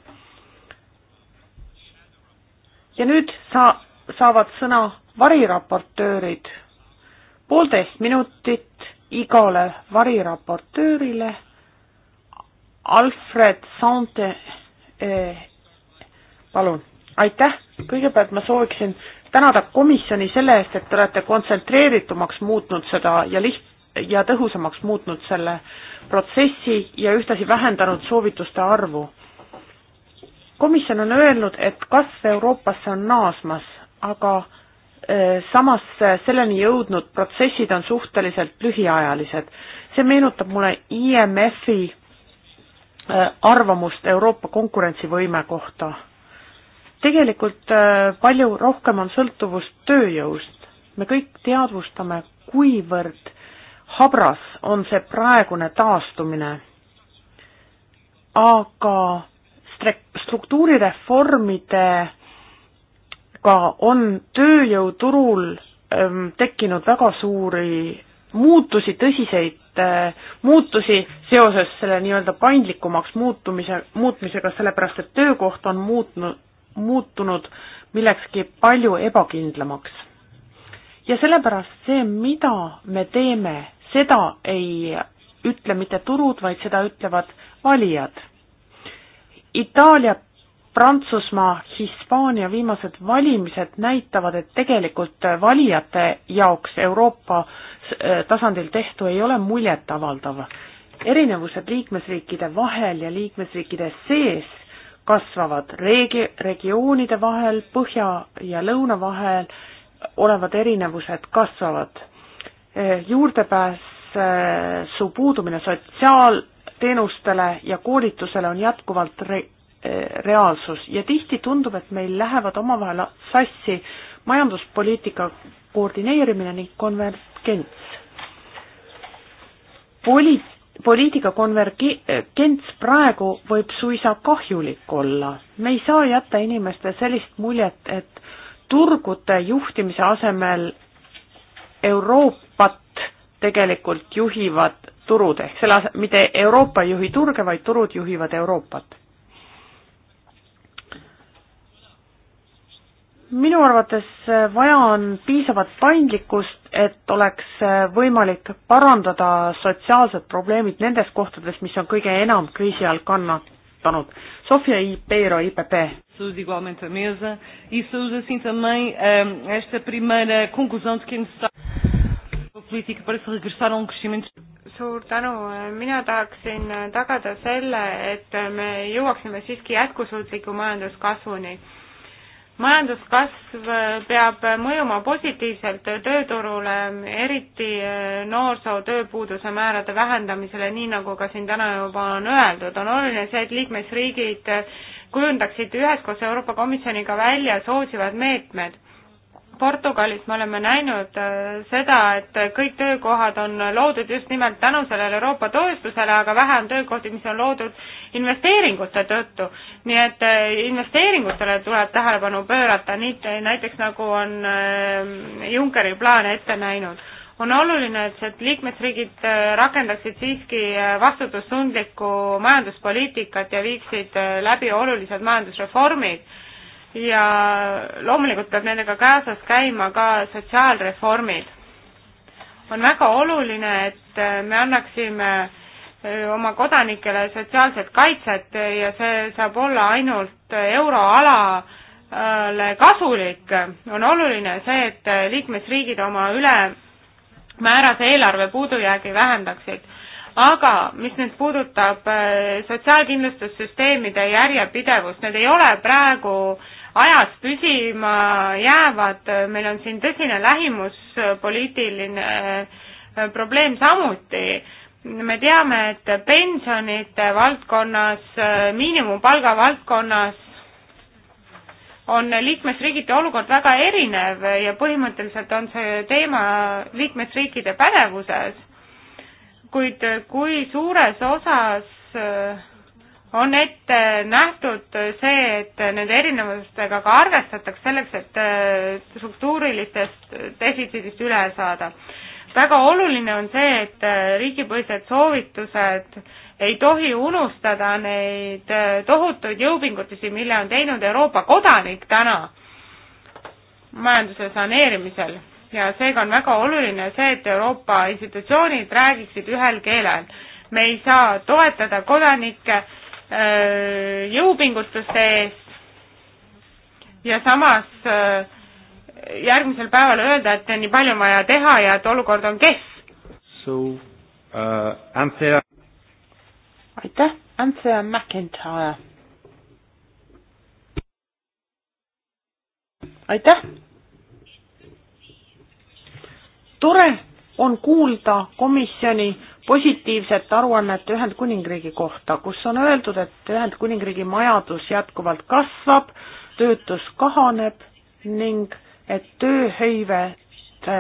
ja nüüd sa-, saavad sõna variraportöörid. poolteist minutit igale variraportöörile. Alfred Sante eh,, äh, palun, aitäh, kõigepealt ma sooviksin tänada komisjoni selle eest, et te olete kontsentreeritumaks muutnud seda ja liht- ja tõhusamaks muutnud selle protsessi ja ühtlasi vähendanud soovituste arvu. komisjon on öelnud, et kasv Euroopasse on naasmas, aga eh, samas eh, selleni jõudnud protsessid on suhteliselt lühiajalised. see meenutab mulle IMF-i eh, arvamust Euroopa konkurentsivõime kohta tegelikult äh, palju rohkem on sõltuvust tööjõust. me kõik teadvustame, kuivõrd habras on see praegune taastumine. aga struktuurireformidega on tööjõuturul ähm, tekkinud väga suuri muutusi, tõsiseid äh, muutusi seoses selle nii-öelda paindlikumaks muutumise, muutmisega, sellepärast et töökoht on muutnud, muutunud millekski palju ebakindlamaks. ja sellepärast see, mida me teeme, seda ei ütle mitte turud, vaid seda ütlevad valijad. Itaalia, Prantsusmaa, Hispaania viimased valimised näitavad, et tegelikult valijate jaoks Euroopa äh, tasandil tehtu ei ole muljetavaldav. erinevused liikmesriikide vahel ja liikmesriikide sees kasvavad reegi-, regioonide vahel, põhja ja lõuna vahel olevad erinevused kasvavad. Eh, juurdepääsu eh, puudumine sotsiaalteenustele ja koolitusele on jätkuvalt re-, eh, reaalsus ja tihti tundub, et meil lähevad omavahel sassi majanduspoliitika koordineerimine ning konvergents. Poli-, poliitika konvergents praegu võib suisa kahjulik olla. me ei saa jätta inimestele sellist muljet, et turgude juhtimise asemel Euroopat tegelikult juhivad turud, ehk selle asemel mitte Euroopa ei juhi turge, vaid turud juhivad Euroopat minu arvates vaja on piisavat paindlikkust, et oleks võimalik parandada sotsiaalsed probleemid nendes kohtades, mis on kõige enam kriisi all kannatanud. Sofia Ipeiro, IPP. Todos igualmente à mesa e saúde assim também um, esta primeira conclusão de que é necessário a política para se regressar a um crescimento. suur tänu, mina tahaksin tagada selle, et me jõuaksime siiski jätkusuutliku majanduskasvuni majanduskasv peab mõjuma positiivselt tööturule, eriti noorsootööpuuduse määrade vähendamisele, nii nagu ka siin täna juba on öeldud, on oluline see, et liikmesriigid kujundaksid üheskoos Euroopa Komisjoniga välja soosivad meetmed Portugalis me oleme näinud äh, seda, et kõik töökohad on loodud just nimelt tänu sellele Euroopa toetusele, aga vähe on töökohti, mis on loodud investeeringute tõttu. nii et äh, investeeringutele tuleb tähelepanu pöörata, nii näiteks nagu on äh, Junckeri plaan ette näinud. on oluline, et, et liikmesriigid rakendaksid siiski vastutustundlikku majanduspoliitikat ja viiksid läbi olulised majandusreformid ja loomulikult peab nendega kaasas käima ka sotsiaalreformid. on väga oluline, et me annaksime äh, oma kodanikele sotsiaalset kaitset ja see saab olla ainult euroalale kasulik. on oluline see, et liikmesriigid oma ülemäärase eelarve puudujäägi vähendaksid. aga mis nüüd puudutab äh, sotsiaalkindlustussüsteemide järjepidevust, need ei ole praegu äh, ajas püsima jäävad, meil on siin tõsine lähimuspoliitiline äh, probleem samuti. me teame, et pensionite valdkonnas, äh, miinimumpalga valdkonnas on liikmesriigiti olukord väga erinev ja põhimõtteliselt on see teema liikmesriikide pädevuses, kuid kui suures osas äh, on ette nähtud see, et nende erinevustega ka arvestatakse selleks, et äh, struktuurilistest defitsiidist üle saada. väga oluline on see, et äh, riigipõhised soovitused ei tohi unustada neid äh, tohutuid jõupingutusi, mille on teinud Euroopa kodanik täna majanduse saneerimisel ja seega on väga oluline see, et Euroopa institutsioonid räägiksid ühel keelel. me ei saa toetada kodanikke, Äh, jõupingutuste eest ja samas äh, järgmisel päeval öelda, et nii palju on vaja teha ja et olukord on kehv. So uh, Anthea. aitäh, Anthea McIntyre. aitäh. tore on kuulda komisjoni positiivset aruannet Ühendkuningriigi kohta, kus on öeldud, et Ühendkuningriigi majandus jätkuvalt kasvab, töötus kahaneb ning et tööhõivet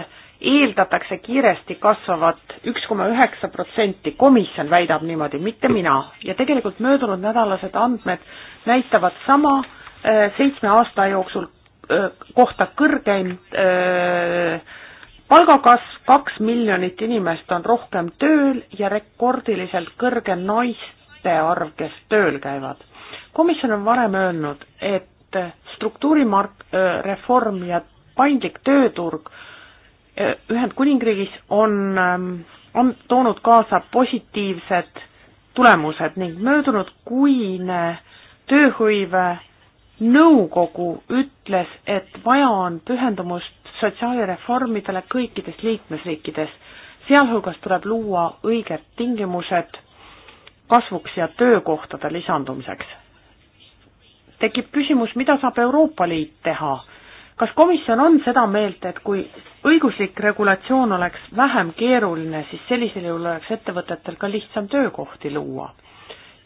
eeldatakse kiiresti kasvavat üks koma üheksa protsenti, komisjon väidab niimoodi, mitte mina. ja tegelikult möödunud nädalased andmed näitavad sama äh, seitsme aasta jooksul äh, kohta kõrgeim öö, äh, palgakasv, kaks miljonit inimest on rohkem tööl ja rekordiliselt kõrge naiste arv, kes tööl käivad. komisjon on varem öelnud, et struktuurireform äh, ja paindlik tööturg äh, Ühendkuningriigis on, ähm, on toonud kaasa positiivsed tulemused ning möödunud kuine tööhõive nõukogu ütles, et vaja on pühendumust sotsiaalreformidele kõikides liikmesriikides. sealhulgas tuleb luua õiged tingimused kasvuks ja töökohtade lisandumiseks. tekib küsimus, mida saab Euroopa Liit teha? kas komisjon on seda meelt, et kui õiguslik regulatsioon oleks vähem keeruline, siis sellisel juhul oleks ettevõtetel ka lihtsam töökohti luua?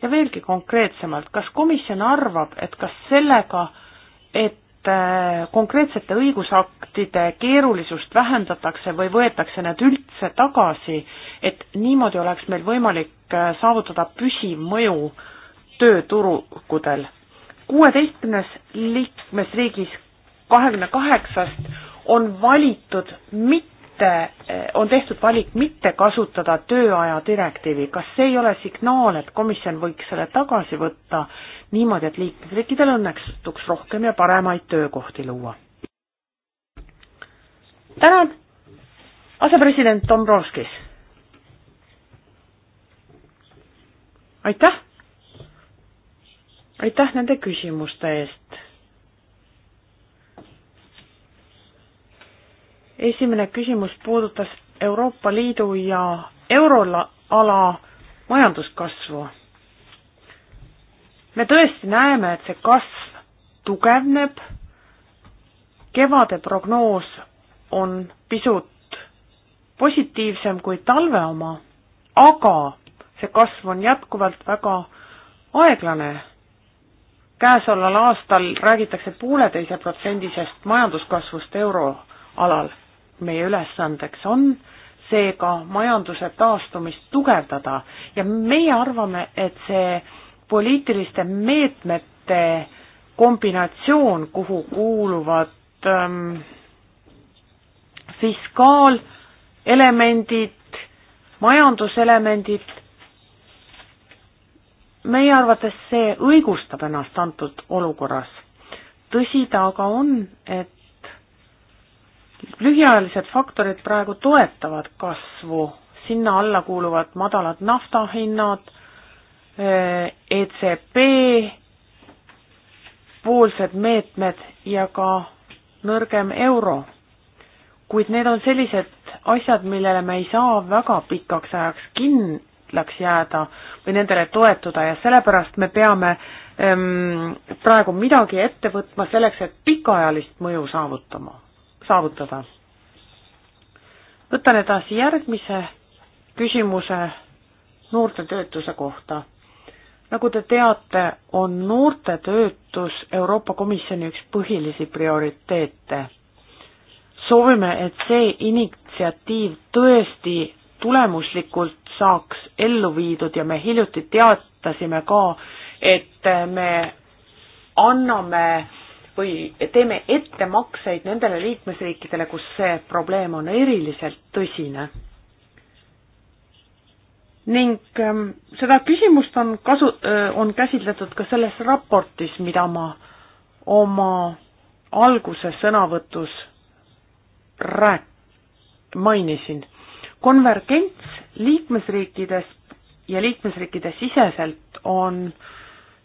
ja veelgi konkreetsemalt, kas komisjon arvab, et kas sellega, et Äh, konkreetsete õigusaktide keerulisust vähendatakse või võetakse need üldse tagasi, et niimoodi oleks meil võimalik äh, saavutada püsiv mõju tööturgudel. kuueteistkümnes liikmesriigis kahekümne kaheksast on valitud mit-, mitte, on tehtud valik mitte kasutada tööaja direktiivi, kas see ei ole signaal, et komisjon võiks selle tagasi võtta niimoodi, et liikmesriikidel õnnestuks rohkem ja paremaid töökohti luua? tänan, asepresident Dombrovskis. aitäh, aitäh nende küsimuste eest esimene küsimus puudutas Euroopa Liidu ja euroala majanduskasvu. me tõesti näeme, et see kasv tugevneb, kevade prognoos on pisut positiivsem kui talve oma, aga see kasv on jätkuvalt väga aeglane. käesoleval aastal räägitakse pooleteise protsendisest majanduskasvust euroalal meie ülesandeks on, seega majanduse taastumist tugevdada ja meie arvame, et see poliitiliste meetmete kombinatsioon, kuhu kuuluvad ähm, fiskaalelemendid, majanduselemendid, meie arvates see õigustab ennast antud olukorras. tõsi ta aga on, et lühiajalised faktorid praegu toetavad kasvu, sinna alla kuuluvad madalad naftahinnad, ECB eh, e poolsed meetmed ja ka nõrgem euro. kuid need on sellised asjad, millele me ei saa väga pikaks ajaks kindlaks jääda või nendele toetuda ja sellepärast me peame ähm, praegu midagi ette võtma selleks, et pikaajalist mõju saavutama saavutada. võtan edasi järgmise küsimuse noorte töötuse kohta. nagu te teate, on noorte töötus Euroopa Komisjoni üks põhilisi prioriteete. soovime, et see initsiatiiv tõesti tulemuslikult saaks ellu viidud ja me hiljuti teatasime ka, et me anname või teeme ettemakseid nendele liikmesriikidele, kus see probleem on eriliselt tõsine. ning ähm, seda küsimust on kasu, äh, on käsitletud ka selles raportis, mida ma oma alguse sõnavõtus rääk-, mainisin. konvergents liikmesriikides ja liikmesriikide siseselt on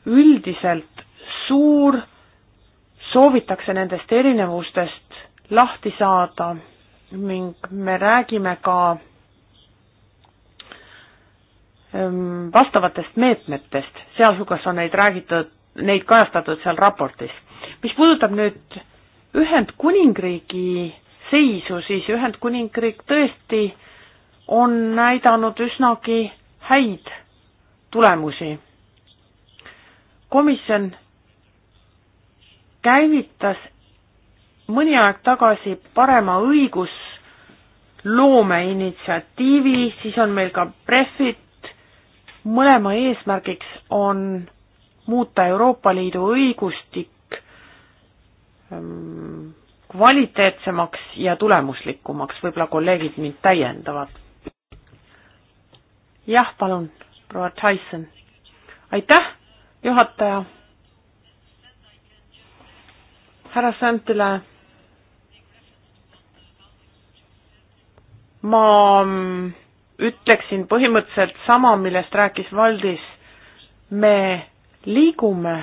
üldiselt suur soovitakse nendest erinevustest lahti saada ning me räägime ka ehm, vastavatest meetmetest, sealhulgas on neid räägitud, neid kajastatud seal raportis. mis puudutab nüüd Ühendkuningriigi seisu, siis Ühendkuningriik tõesti on näidanud üsnagi häid tulemusi. komisjon käivitas mõni aeg tagasi parema õigusloome initsiatiivi, siis on meil ka Brexit, mõlema eesmärgiks on muuta Euroopa Liidu õigustik ehm, kvaliteetsemaks ja tulemuslikumaks, võib-olla kolleegid mind täiendavad. jah, palun, proua Tyson. aitäh, juhataja härra Sämtile. ma mm, ütleksin põhimõtteliselt sama, millest rääkis Valdis. me liigume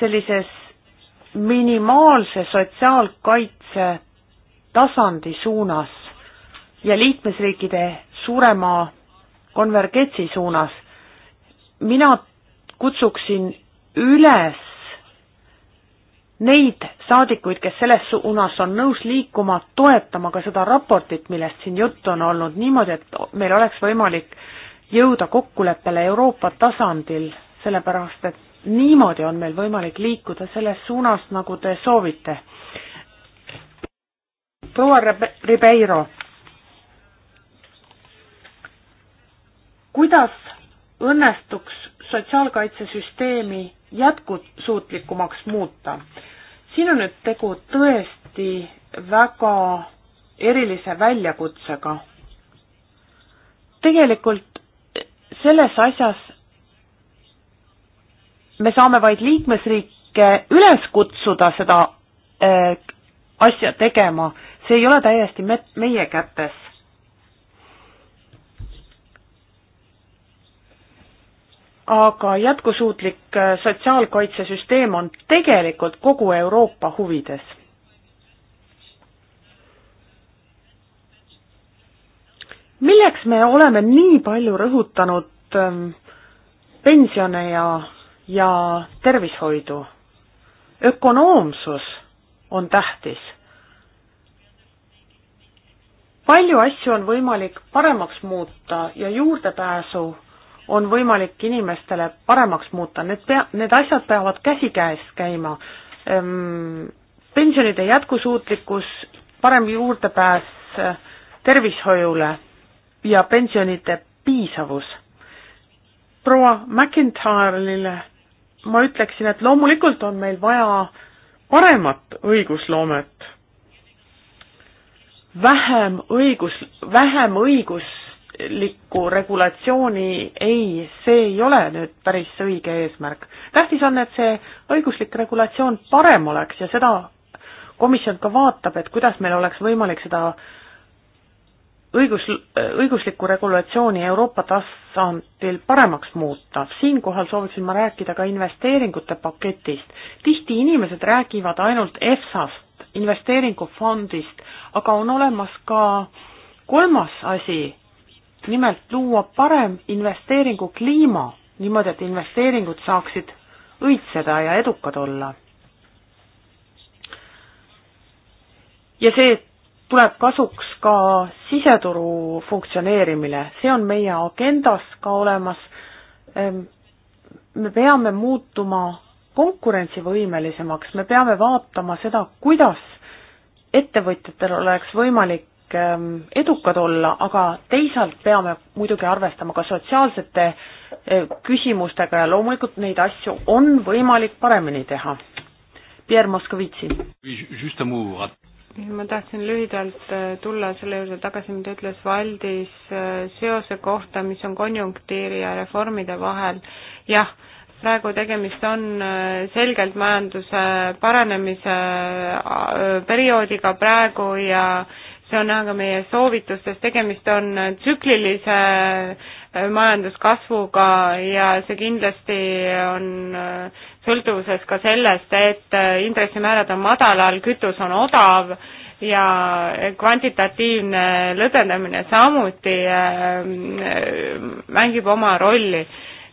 sellises minimaalse sotsiaalkaitse tasandi suunas ja liikmesriikide suurema konvergentsi suunas. mina kutsuksin üles neid saadikuid, kes selles suunas on nõus liikuma, toetama ka seda raportit, millest siin juttu on olnud, niimoodi, et meil oleks võimalik jõuda kokkuleppele Euroopa tasandil, sellepärast et niimoodi on meil võimalik liikuda selles suunas, nagu te soovite. proua Ribeiro, kuidas õnnestuks sotsiaalkaitsesüsteemi jätkusuutlikumaks muuta. siin on nüüd tegu tõesti väga erilise väljakutsega. tegelikult selles asjas me saame vaid liikmesriike üles kutsuda seda äh, asja tegema, see ei ole täiesti me-, meie kätes. aga jätkusuutlik äh, sotsiaalkaitsesüsteem on tegelikult kogu Euroopa huvides. milleks me oleme nii palju rõhutanud ähm, pensione ja, ja tervishoidu? ökonoomsus on tähtis. palju asju on võimalik paremaks muuta ja juurdepääsu on võimalik inimestele paremaks muuta, need pea, need asjad peavad käsikäes käima. Ehm, pensionide jätkusuutlikkus, parem juurdepääs eh, tervishoiule ja pensionide piisavus. proua McIntyre'ile ma ütleksin, et loomulikult on meil vaja paremat õigusloomet, vähem õigus, vähem õigus riiklikku regulatsiooni, ei, see ei ole nüüd päris õige eesmärk. tähtis on, et see õiguslik regulatsioon parem oleks ja seda komisjon ka vaatab, et kuidas meil oleks võimalik seda õigus, õiguslikku regulatsiooni Euroopa tasandil paremaks muuta. siinkohal sooviksin ma rääkida ka investeeringute paketist. tihti inimesed räägivad ainult EFSA-st, investeeringufondist, aga on olemas ka kolmas asi, nimelt luua parem investeeringukliima, niimoodi, et investeeringud saaksid õitseda ja edukad olla. ja see tuleb kasuks ka siseturu funktsioneerimine, see on meie agendas ka olemas. Ehm, me peame muutuma konkurentsivõimelisemaks, me peame vaatama seda, kuidas ettevõtjatel oleks võimalik Ähm, edukad olla, aga teisalt peame muidugi arvestama ka sotsiaalsete äh, küsimustega ja loomulikult neid asju on võimalik paremini teha. Pierre Moskovitši. ma tahtsin lühidalt äh, tulla selle juurde tagasi, mida ütles Valdis äh, seose kohta, mis on konjunktiiri ja reformide vahel. jah praegu tegemist on selgelt majanduse paranemise perioodiga praegu ja see on aga meie soovitustes, tegemist on tsüklilise äh, majanduskasvuga ja see kindlasti on äh, sõltuvuses ka sellest, et äh, intressimäärad on madalal, kütus on odav ja kvantitatiivne lõdvendamine samuti mängib oma rolli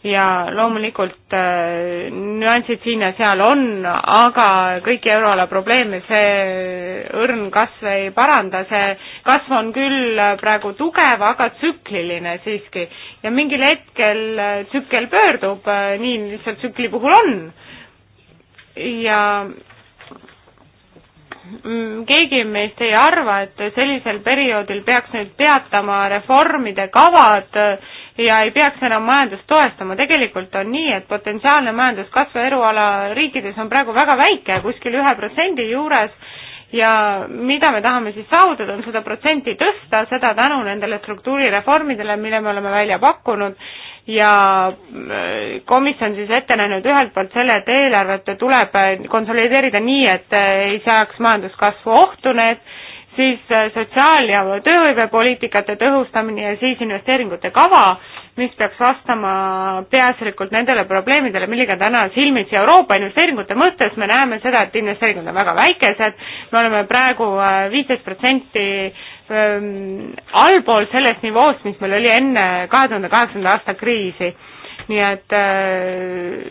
ja loomulikult äh, nüansid siin ja seal on, aga kõiki euroala probleeme see õrn kasv ei paranda, see kasv on küll praegu tugev, aga tsükliline siiski. ja mingil hetkel äh, tsükkel pöördub, äh, nii lihtsalt tsükli puhul on. ja mm, keegi meist ei arva, et sellisel perioodil peaks nüüd peatama reformide kavad, ja ei peaks enam majandust toestama, tegelikult on nii, et potentsiaalne majanduskasv eruala riikides on praegu väga väike, kuskil ühe protsendi juures, ja mida me tahame siis saavutada, on seda protsenti tõsta, seda tänu nendele struktuurireformidele, mille me oleme välja pakkunud, ja äh, komisjon siis ette näinud ühelt poolt selle, et eelarvet tuleb konsolideerida nii, et äh, ei seaks majanduskasvu ohtu need siis äh, sotsiaal- ja tööhõivepoliitikate tõhustamine ja siis investeeringute kava, mis peaks vastama peaasjalikult nendele probleemidele, millega täna silmitsi Euroopa investeeringute mõttes, me näeme seda, et investeeringud on väga väikesed, me oleme praegu äh, viisteist protsenti ähm, allpool sellest nivoost, mis meil oli enne kahe tuhande kaheksanda aasta kriisi. nii et äh,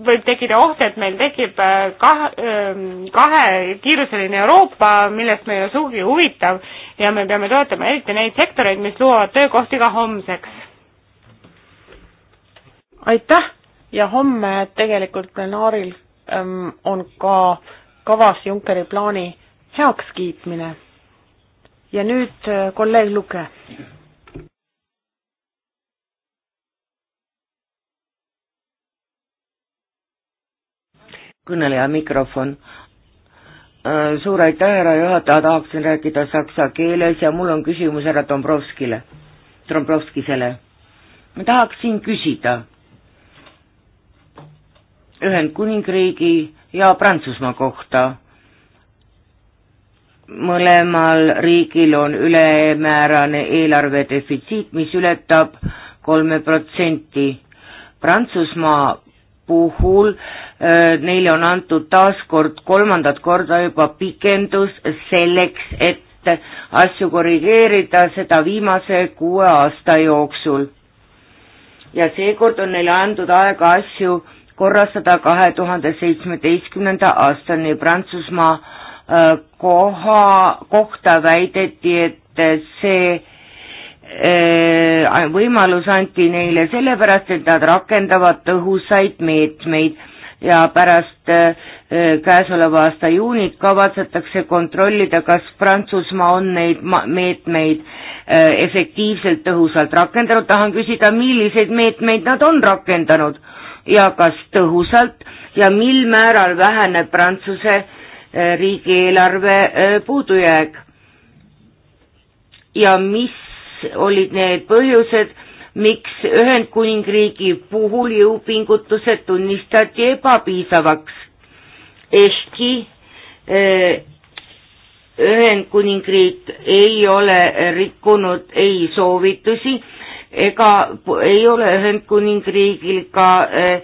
võib tekkida oht, et meil tekib äh, kahe, ähm, kahekiiruseline Euroopa, millest me ei ole sugugi huvitav ja me peame toetama eriti neid sektoreid, mis loovad töökohti ka homseks. aitäh ja homme tegelikult plenaaril ähm, on ka kavas Junckeri plaani heakskiitmine. ja nüüd äh, kolleeg Luke kõneleja mikrofon. Äh, suur aitäh, härra juhataja, tahaksin rääkida saksa keeles ja mul on küsimus härra Dombrovskile, Dombrovskisele. ma tahaksin küsida Ühendkuningriigi ja Prantsusmaa kohta. mõlemal riigil on ülemäärane eelarve defitsiit, mis ületab kolme protsenti. Prantsusmaa puhul äh, neile on antud taaskord kolmandat korda juba pikendus selleks, et asju korrigeerida, seda viimase kuue aasta jooksul. ja seekord on neile antud aega asju korrastada kahe tuhande seitsmeteistkümnenda aastani Prantsusmaa äh, koha, kohta väideti, et see Äh, võimalus anti neile sellepärast, et nad rakendavad tõhusaid meetmeid ja pärast äh, käesoleva aasta juunit kavatsetakse kontrollida, kas Prantsusmaa on neid meetmeid äh, efektiivselt tõhusalt rakendanud, tahan küsida, milliseid meetmeid nad on rakendanud ja kas tõhusalt ja mil määral väheneb Prantsuse riigieelarve puudujääk ja mis olid need põhjused, miks Ühendkuningriigi puhul jõupingutused tunnistati ebapiisavaks, ehkki eh, Ühendkuningriik ei ole rikkunud ei soovitusi ega ei ole Ühendkuningriigil ka eh,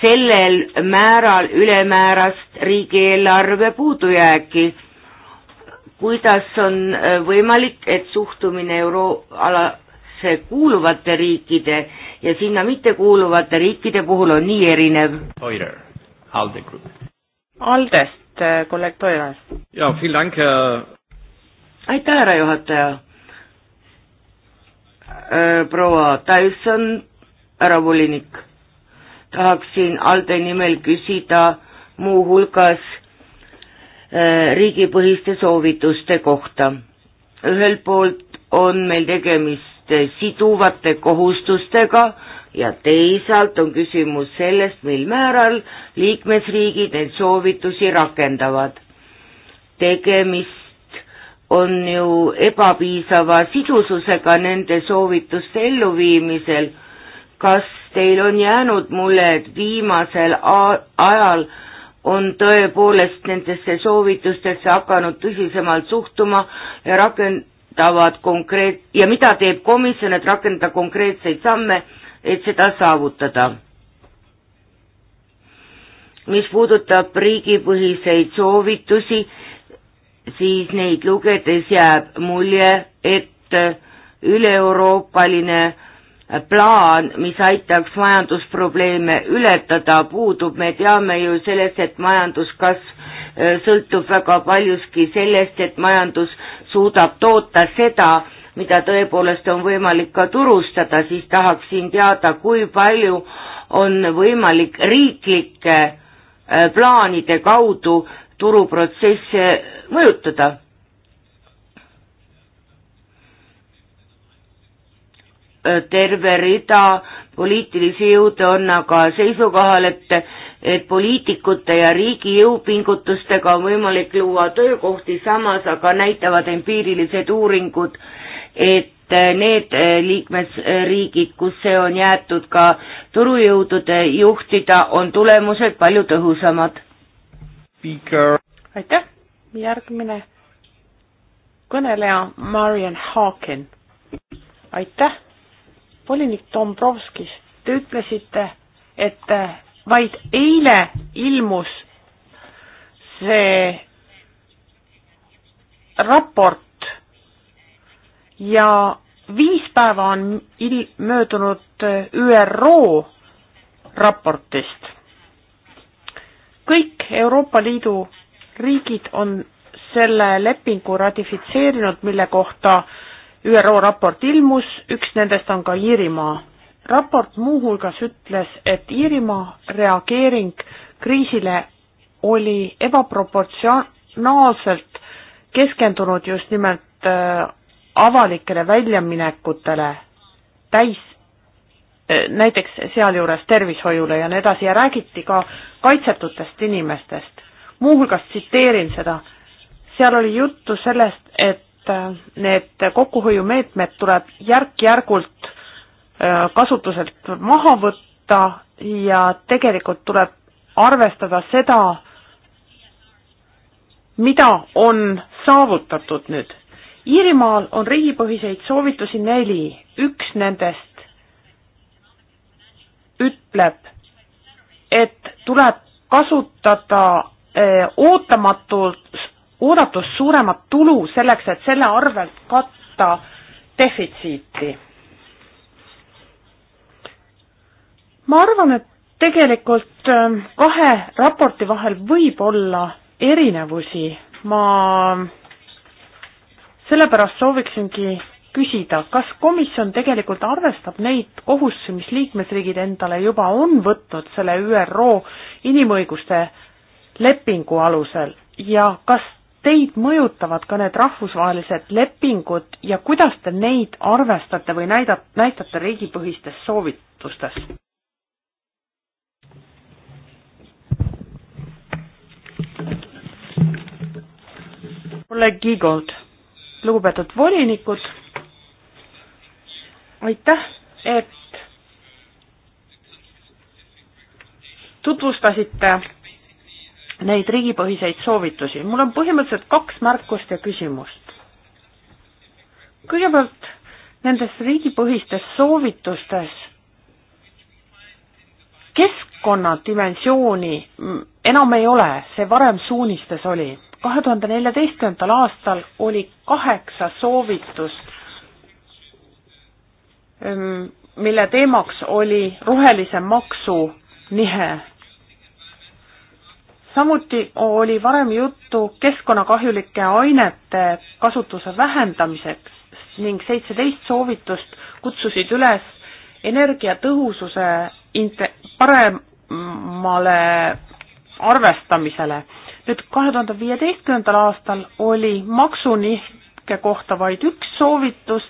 sellel määral ülemäärast riigieelarve puudujääki kuidas on äh, võimalik, et suhtumine euroalasse kuuluvate riikide ja sinna mittekuuluvate riikide puhul on nii erinev? ALDE Group. Aldest, äh, kolleeg Toilas. jaa, vielen Dank. Äh, aitäh, härra juhataja. proua Tyson, härra volinik, tahaksin Alde nimel küsida muuhulgas Äh, riigipõhiste soovituste kohta. ühelt poolt on meil tegemist äh, siduvate kohustustega ja teisalt on küsimus sellest, mil määral liikmesriigid neid soovitusi rakendavad. tegemist on ju ebapiisava sidususega nende soovituste elluviimisel. kas teil on jäänud mulje, et viimasel ajal on tõepoolest nendesse soovitustesse hakanud tõsisemalt suhtuma ja rakendavad konkreet- ja mida teeb komisjon, et rakendada konkreetseid samme, et seda saavutada. mis puudutab riigipõhiseid soovitusi, siis neid lugedes jääb mulje, et üle-euroopaline plaan, mis aitaks majandusprobleeme ületada, puudub, me teame ju sellest, et majanduskasv äh, sõltub väga paljuski sellest, et majandus suudab toota seda, mida tõepoolest on võimalik ka turustada, siis tahaksin teada, kui palju on võimalik riiklike äh, plaanide kaudu turuprotsesse mõjutada terve rida poliitilisi jõude on aga seisukohal, et et poliitikute ja riigi jõupingutustega on võimalik luua töökohti, samas aga näitavad empiirilised uuringud, et need liikmesriigid, kus see on jäetud ka turujõudude juhtida, on tulemused palju tõhusamad. aitäh, järgmine kõneleja Marian Haaken. aitäh volinik Dombrovskis, te ütlesite, et äh, vaid eile ilmus see raport ja viis päeva on il-, möödunud äh, ÜRO raportist. kõik Euroopa Liidu riigid on selle lepingu ratifitseerinud, mille kohta äh, ÜRO raport ilmus, üks nendest on ka Iirimaa. raport muuhulgas ütles, et Iirimaa reageering kriisile oli ebaproportsionaalselt keskendunud just nimelt äh, avalikele väljaminekutele täis äh,, näiteks sealjuures tervishoiule ja nii edasi ja räägiti ka kaitsetutest inimestest. muuhulgas tsiteerin seda, seal oli juttu sellest, et need kokkuhoiumeetmed tuleb järk-järgult äh, kasutuselt maha võtta ja tegelikult tuleb arvestada seda, mida on saavutatud nüüd. Iirimaal on riigipõhiseid soovitusi neli, üks nendest ütleb, et tuleb kasutada äh, ootamatult oodatust suuremat tulu selleks, et selle arvelt katta defitsiiti. ma arvan, et tegelikult ähm, kahe raporti vahel võib olla erinevusi, ma sellepärast sooviksingi küsida, kas komisjon tegelikult arvestab neid kohustusi, mis liikmesriigid endale juba on võtnud selle ÜRO inimõiguste lepingu alusel ja kas teid mõjutavad ka need rahvusvahelised lepingud ja kuidas te neid arvestate või näidab, näitate riigipõhistes soovitustes? kolleeg Kiigold, lugupeetud volinikud, aitäh, et tutvustasite neid riigipõhiseid soovitusi. mul on põhimõtteliselt kaks märkust ja küsimust. kõigepealt nendes riigipõhistes soovitustes keskkonnadimensiooni enam ei ole, see varem suunistes oli. kahe tuhande neljateistkümnendal aastal oli kaheksa soovitust, ehm, mille teemaks oli rohelise maksu nihe samuti oli varem juttu keskkonnakahjulike ainete kasutuse vähendamiseks ning seitseteist soovitust kutsusid üles energiatõhususe inte-, paremale arvestamisele. nüüd kahe tuhande viieteistkümnendal aastal oli maksunihke kohta vaid üks soovitus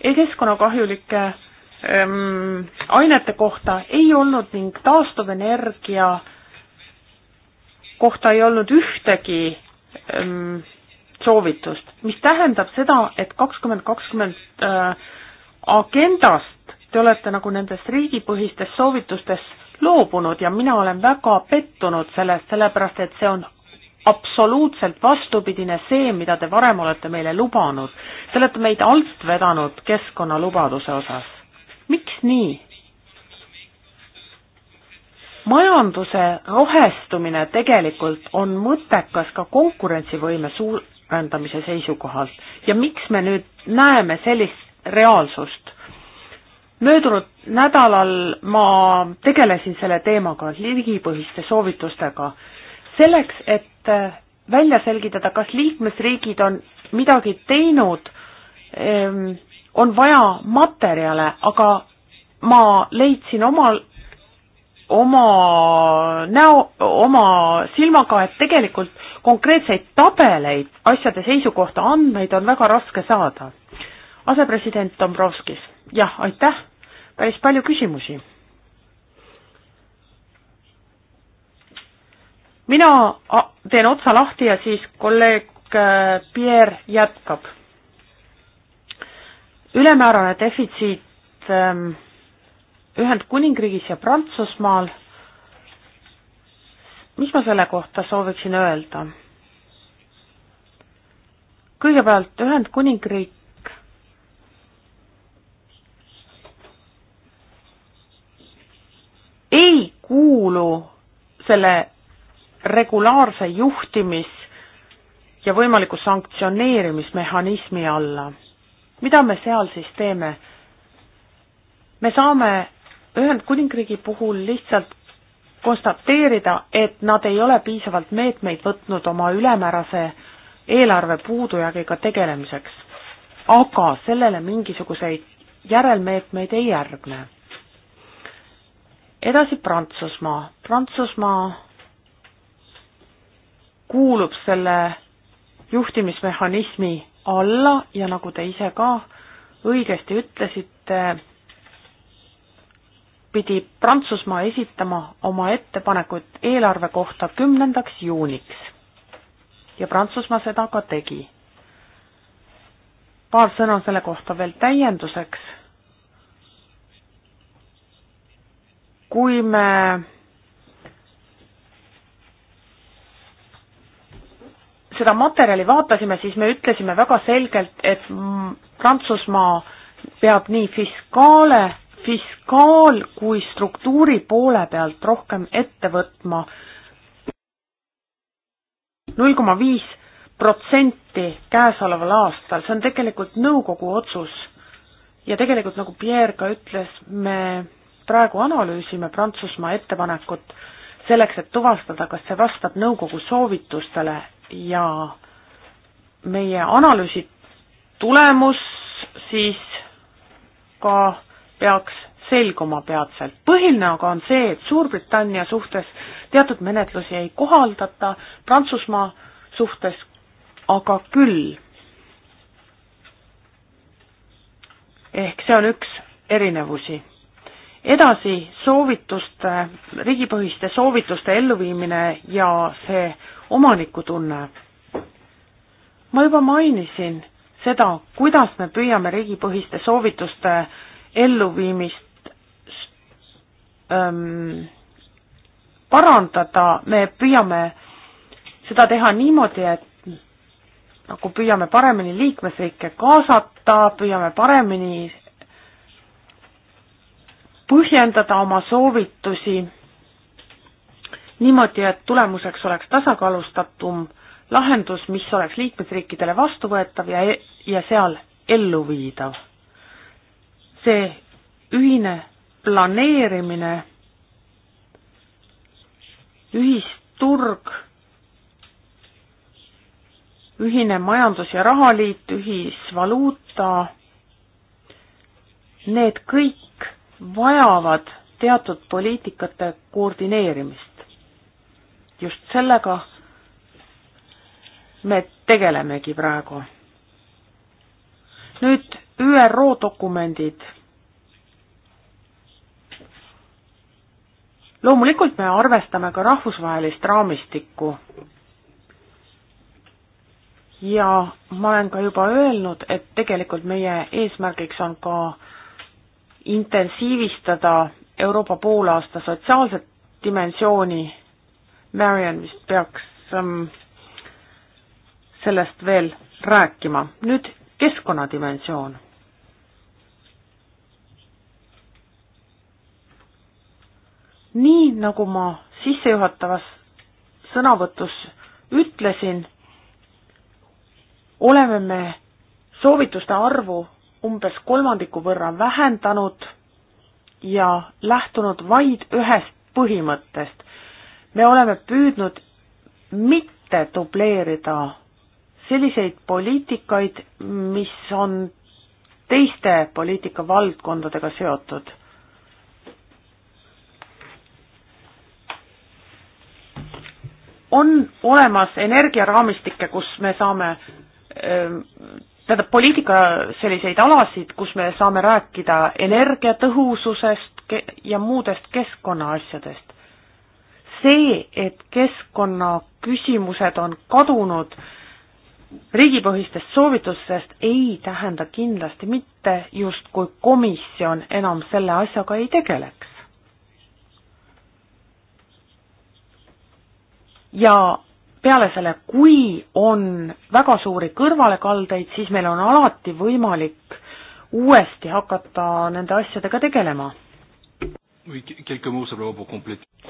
e, keskkonnakahjulike ähm, ainete kohta ei olnud ning taastuvenergia kohta ei olnud ühtegi ähm, soovitust, mis tähendab seda, et kakskümmend kakskümmend äh, agendast te olete nagu nendest riigipõhistes soovitustes loobunud ja mina olen väga pettunud sellest, sellepärast et see on absoluutselt vastupidine see, mida te varem olete meile lubanud. Te olete meid alt vedanud keskkonnalubaduse osas. miks nii? majanduse rohestumine tegelikult on mõttekas ka konkurentsivõime suurendamise seisukohalt ja miks me nüüd näeme sellist reaalsust? möödunud nädalal ma tegelesin selle teemaga, ligipõhiste soovitustega, selleks, et välja selgitada, kas liikmesriigid on midagi teinud, ehm, on vaja materjale, aga ma leidsin omal oma näo, oma silmaga, et tegelikult konkreetseid tabeleid asjade seisu kohta, andmeid on väga raske saada. asepresident Dombrovskis, jah, aitäh, päris palju küsimusi. mina teen otsa lahti ja siis kolleeg äh, Pierre jätkab. ülemäärane defitsiit ähm, Ühendkuningriigis ja Prantsusmaal. mis ma selle kohta sooviksin öelda? kõigepealt Ühendkuningriik ei kuulu selle regulaarse juhtimis- ja võimaliku sanktsioneerimismehhanismi alla. mida me seal siis teeme? me saame Ühendkuningriigi puhul lihtsalt konstateerida, et nad ei ole piisavalt meetmeid võtnud oma ülemäärase eelarve puudujäägiga tegelemiseks. aga sellele mingisuguseid järelmeetmeid ei järgne. edasi Prantsusmaa. Prantsusmaa kuulub selle juhtimismehhanismi alla ja nagu te ise ka õigesti ütlesite, pidi Prantsusmaa esitama oma ettepanekud eelarve kohta kümnendaks juuniks. ja Prantsusmaa seda ka tegi. paar sõna selle kohta veel täienduseks. kui me seda materjali vaatasime, siis me ütlesime väga selgelt, et Prantsusmaa peab nii fiskaale fiskaal- kui struktuuri poole pealt rohkem ette võtma. null koma viis protsenti käesoleval aastal, see on tegelikult nõukogu otsus ja tegelikult nagu Pierre ka ütles, me praegu analüüsime Prantsusmaa ettepanekut selleks, et tuvastada, kas see vastab nõukogu soovitustele ja meie analüüsi tulemus siis ka peaks selguma peatselt. põhiline aga on see, et Suurbritannia suhtes teatud menetlusi ei kohaldata, Prantsusmaa suhtes aga küll. ehk see on üks erinevusi. edasi soovituste, riigipõhiste soovituste elluviimine ja see omanikutunne. ma juba mainisin seda, kuidas me püüame riigipõhiste soovituste elluviimist ähm, parandada, me püüame seda teha niimoodi, et nagu püüame paremini liikmesriike kaasata, püüame paremini põhjendada oma soovitusi niimoodi, et tulemuseks oleks tasakaalustatum lahendus, mis oleks liikmesriikidele vastuvõetav ja, e-, ja seal elluviidav see ühine planeerimine, ühisturg, ühine majandus- ja rahaliit, ühisvaluuta, need kõik vajavad teatud poliitikate koordineerimist. just sellega me tegelemegi praegu. nüüd ÜRO dokumendid loomulikult me arvestame ka rahvusvahelist raamistikku. ja ma olen ka juba öelnud, et tegelikult meie eesmärgiks on ka intensiivistada Euroopa poolaasta sotsiaalset dimensiooni. Marion vist peaks ähm, sellest veel rääkima. nüüd keskkonnadimensioon nii nagu ma sissejuhatavas sõnavõtus ütlesin, oleme me soovituste arvu umbes kolmandiku võrra vähendanud ja lähtunud vaid ühest põhimõttest. me oleme püüdnud mitte dubleerida selliseid poliitikaid, mis on teiste poliitikavaldkondadega seotud on olemas energiaraamistikke, kus me saame ähm, tähendab, poliitika selliseid alasid, kus me saame rääkida energiatõhususest ja muudest keskkonnaasjadest. see, et keskkonnaküsimused on kadunud riigipõhistest soovitustest, ei tähenda kindlasti mitte justkui komisjon enam selle asjaga ei tegeleks. ja peale selle, kui on väga suuri kõrvalekaldeid, siis meil on alati võimalik uuesti hakata nende asjadega tegelema.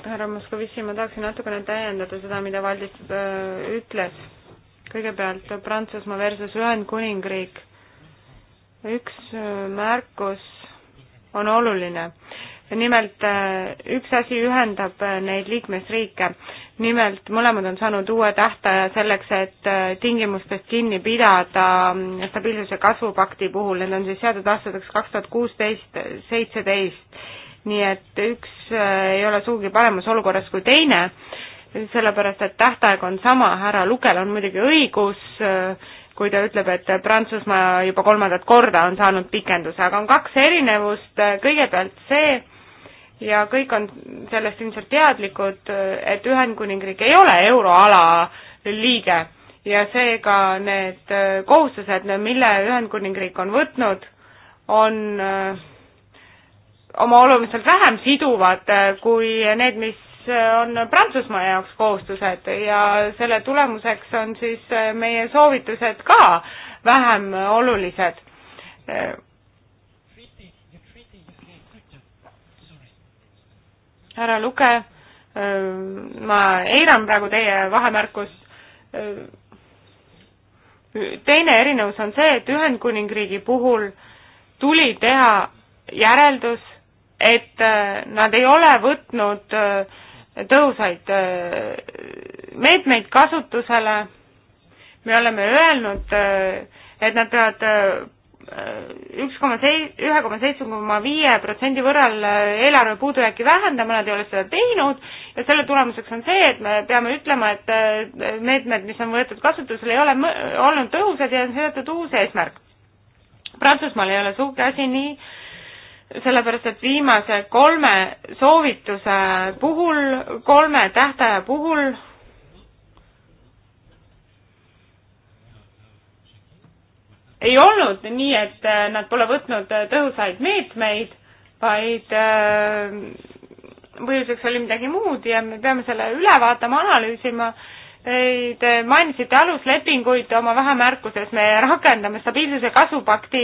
härra Moskovitši, ma tahaksin natukene täiendada seda, mida Valdis äh, ütles. kõigepealt Prantsusmaa versus Ühendkuningriik. üks äh, märkus on oluline nimelt äh, üks asi ühendab äh, neid liikmesriike nimelt mõlemad on saanud uue tähtaja selleks, et äh, tingimustest kinni pidada mm, stabiilsuse kasvupakti puhul, need on siis seatud aastateks kaks tuhat kuusteist, seitseteist. nii et üks äh, ei ole sugugi paremas olukorras kui teine, sellepärast et tähtaeg on sama, härra Lukel on muidugi õigus, äh, kui ta ütleb, et Prantsusmaa juba kolmandat korda on saanud pikenduse, aga on kaks erinevust, kõigepealt see, ja kõik on sellest ilmselt teadlikud, et Ühendkuningriik ei ole euroala liige ja seega need äh, kohustused, mille Ühendkuningriik on võtnud, on äh, oma oluliselt vähem siduvad äh, kui need, mis on Prantsusmaa jaoks kohustused ja selle tulemuseks on siis meie soovitused ka vähem olulised härra Luke, äh, ma eiran praegu teie vahemärkust. Äh, teine erinevus on see, et Ühendkuningriigi puhul tuli teha järeldus, et äh, nad ei ole võtnud tõhusaid meetmeid kasutusele. me oleme öelnud, et nad peavad Äh, üks koma sei-, ühe koma seitsme koma viie protsendi võrral äh, eelarve puudujääki vähendama, nad ei ole seda teinud ja selle tulemuseks on see, et me peame ütlema, et äh, meetmed, mis on võetud kasutusele, ei ole olnud tõhusad ja on seotud uus eesmärk. Prantsusmaal ei ole sugugi asi nii, sellepärast et viimase kolme soovituse puhul, kolme tähtaja puhul ei olnud nii, et äh, nad pole võtnud äh, tõhusaid meetmeid, vaid äh, põhjuseks oli midagi muud ja me peame selle üle vaatama, analüüsima. Te mainisite aluslepinguid oma vähemärkuses, me rakendame stabiilsuse kasvupakti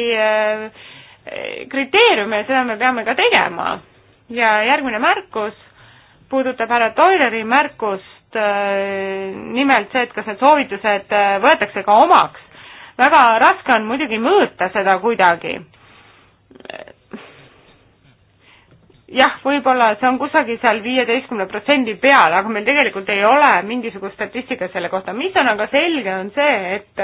kriteeriume ja seda me peame ka tegema. ja järgmine märkus puudutab härra Toileri märkust, nimelt see, et kas need soovitused võetakse ka omaks väga raske on muidugi mõõta seda kuidagi. jah, võib-olla see on kusagil seal viieteistkümne protsendi peal, aga meil tegelikult ei ole mingisugust statistikat selle kohta, mis on aga selge, on see, et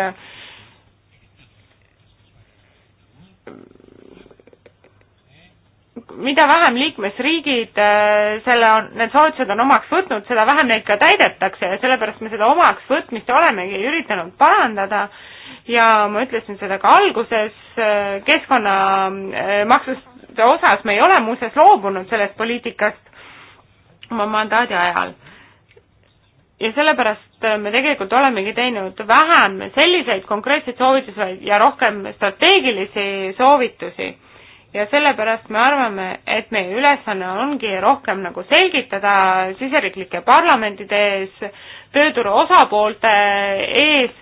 mida vähem liikmesriigid äh, selle, need soovitused on omaks võtnud, seda vähem neid ka täidetakse ja sellepärast me seda omaks võtmist olemegi üritanud parandada ja ma ütlesin seda ka alguses, äh, keskkonnamaksuste äh, osas me ei ole muuseas loobunud sellest poliitikast oma mandaadi ajal. ja sellepärast me tegelikult olemegi teinud vähem selliseid konkreetseid soovitusi ja rohkem strateegilisi soovitusi ja sellepärast me arvame, et meie ülesanne ongi rohkem nagu selgitada siseriiklike parlamentide ees, tööturu osapoolte ees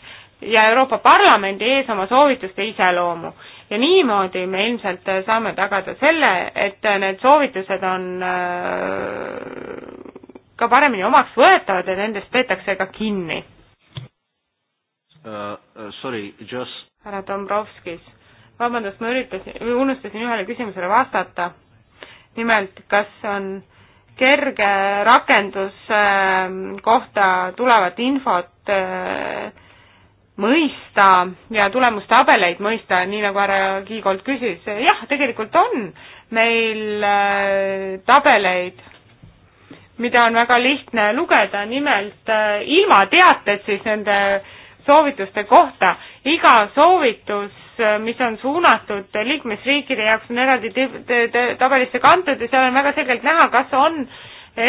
ja Euroopa Parlamendi ees oma soovituste iseloomu. ja niimoodi me ilmselt saame tagada selle, et need soovitused on äh, ka paremini omaks võetavad ja nendest peetakse ka kinni uh,. Uh, sorry, just härra Dombrovskis vabandust, ma üritasin, unustasin ühele küsimusele vastata. nimelt, kas on kerge rakendus ähm, kohta tulevat infot äh, mõista ja tulemustabeleid mõista, nii nagu härra Kiigolt küsis, jah, tegelikult on meil äh, tabeleid, mida on väga lihtne lugeda, nimelt äh, ilma teated siis nende soovituste kohta. iga soovitus Äh, mis on suunatud liikmesriikide jaoks, on eraldi tabelisse kantud ja seal on väga selgelt näha, kas on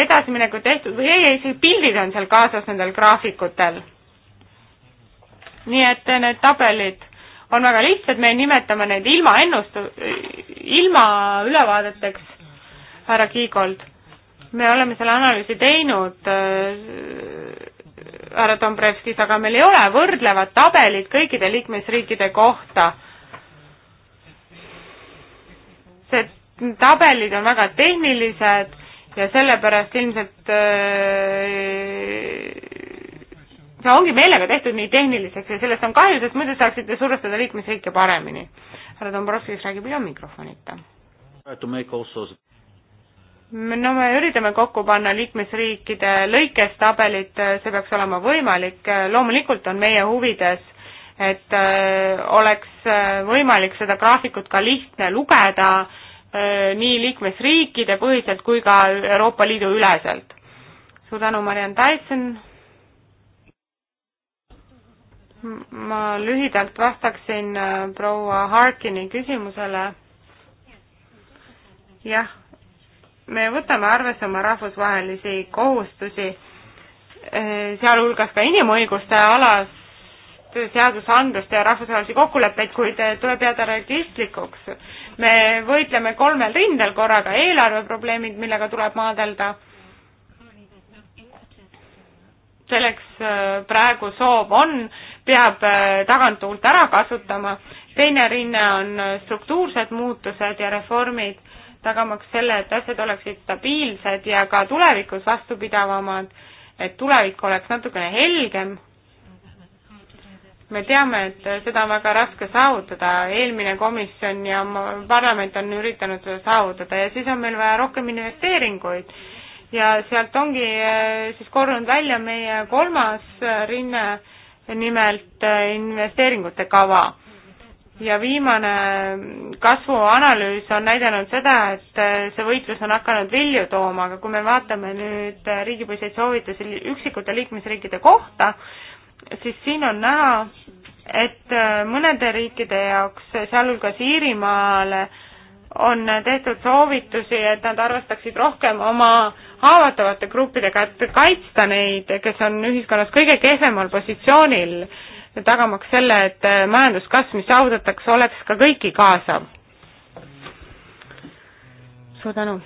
edasiminekud tehtud või ei, isegi pildid on seal kaasas nendel graafikutel. nii et need tabelid on väga lihtsad, me nimetame neid ilma ennustu-, ilma ülevaadeteks, härra Kiigold. me oleme selle analüüsi teinud äh, härra Dombrovskis, aga meil ei ole võrdlevat tabelit kõikide liikmesriikide kohta. see, tabelid on väga tehnilised ja sellepärast ilmselt äh, see ongi meelega tehtud nii tehniliseks ja sellest on kahju, sest muidu saaksite survestada liikmesriike paremini. härra Dombrovskis räägib ilma mikrofonita no me üritame kokku panna liikmesriikide lõikes tabelit, see peaks olema võimalik, loomulikult on meie huvides, et äh, oleks äh, võimalik seda graafikut ka lihtne lugeda äh, nii liikmesriikide põhiselt kui ka Euroopa Liidu üleselt. suur tänu, Mariann Tyson. ma lühidalt vastaksin proua Harkini küsimusele. jah me võtame arvesse oma rahvusvahelisi kohustusi, eh, sealhulgas ka inimõiguste alast seadusandlust ja rahvusvahelisi kokkuleppeid, kuid eh, tuleb jääda realistlikuks. me võitleme kolmel rindel korraga, eelarveprobleemid, millega tuleb maadelda, selleks eh, praegu soov on, peab taganttuult ära kasutama, teine rinne on struktuursed muutused ja reformid tagamaks selle, et asjad oleksid stabiilsed ja ka tulevikus vastupidavamad, et tulevik oleks natukene helgem. me teame, et seda on väga raske saavutada, eelmine komisjon ja parlament on üritanud seda saavutada ja siis on meil vaja rohkem investeeringuid. ja sealt ongi eh, siis korrunud välja meie kolmas rinne, nimelt eh, investeeringute kava ja viimane kasvuanalüüs on näidanud seda, et äh, see võitlus on hakanud vilju tooma, aga kui me vaatame nüüd äh, riigipõhiseid soovitusi üksikute liikmesriikide kohta, siis siin on näha, et äh, mõnede riikide jaoks, sealhulgas Iirimaale, on tehtud soovitusi, et nad arvestaksid rohkem oma haavatavate gruppidega, et kaitsta neid, kes on ühiskonnas kõige kehvemal positsioonil tagamaks selle, et äh, majanduskasv, mis saavutatakse, oleks ka kõiki kaasav. suur tänu.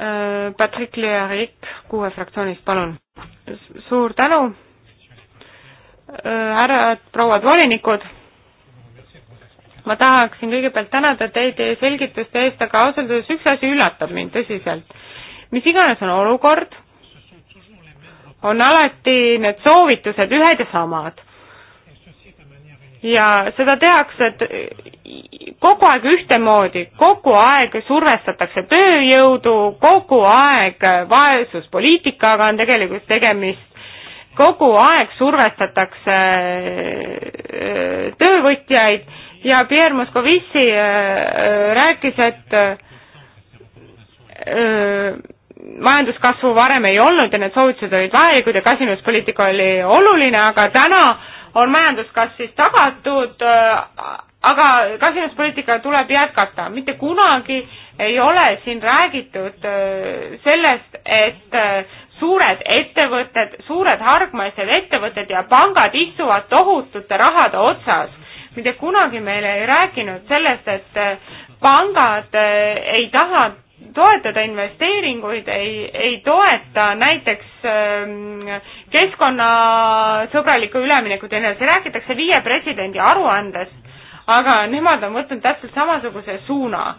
Äh, Patrick Learik kuue fraktsioonist, palun. suur tänu, äh, härrad, prouad volinikud, ma tahaksin kõigepealt tänada teid selgituste eest, aga ausalt öeldes üks asi üllatab mind tõsiselt. mis iganes on olukord on alati need soovitused ühed ja samad. ja seda tehakse kogu aeg ühtemoodi, kogu aeg survestatakse tööjõudu, kogu aeg vaesuspoliitikaga on tegelikult tegemist, kogu aeg survestatakse äh, töövõtjaid ja Pierre Moscovici äh, äh, rääkis, et majanduskasvu varem ei olnud ja need soovitused olid vajalikud ja kasinuspoliitika oli oluline, aga täna on majanduskasv siis tagatud, äh, aga kasinuspoliitika tuleb jätkata, mitte kunagi ei ole siin räägitud äh, sellest, et äh, suured ettevõtted, suured hargmaised ettevõtted ja pangad istuvad tohutute rahade otsas. mitte kunagi meile ei rääkinud sellest, et pangad ei taha toetada investeeringuid, ei, ei toeta näiteks ähm, keskkonnasõbralikku üleminekut ja nii edasi, räägitakse viie presidendi aruandest, aga nemad on võtnud täpselt samasuguse suuna.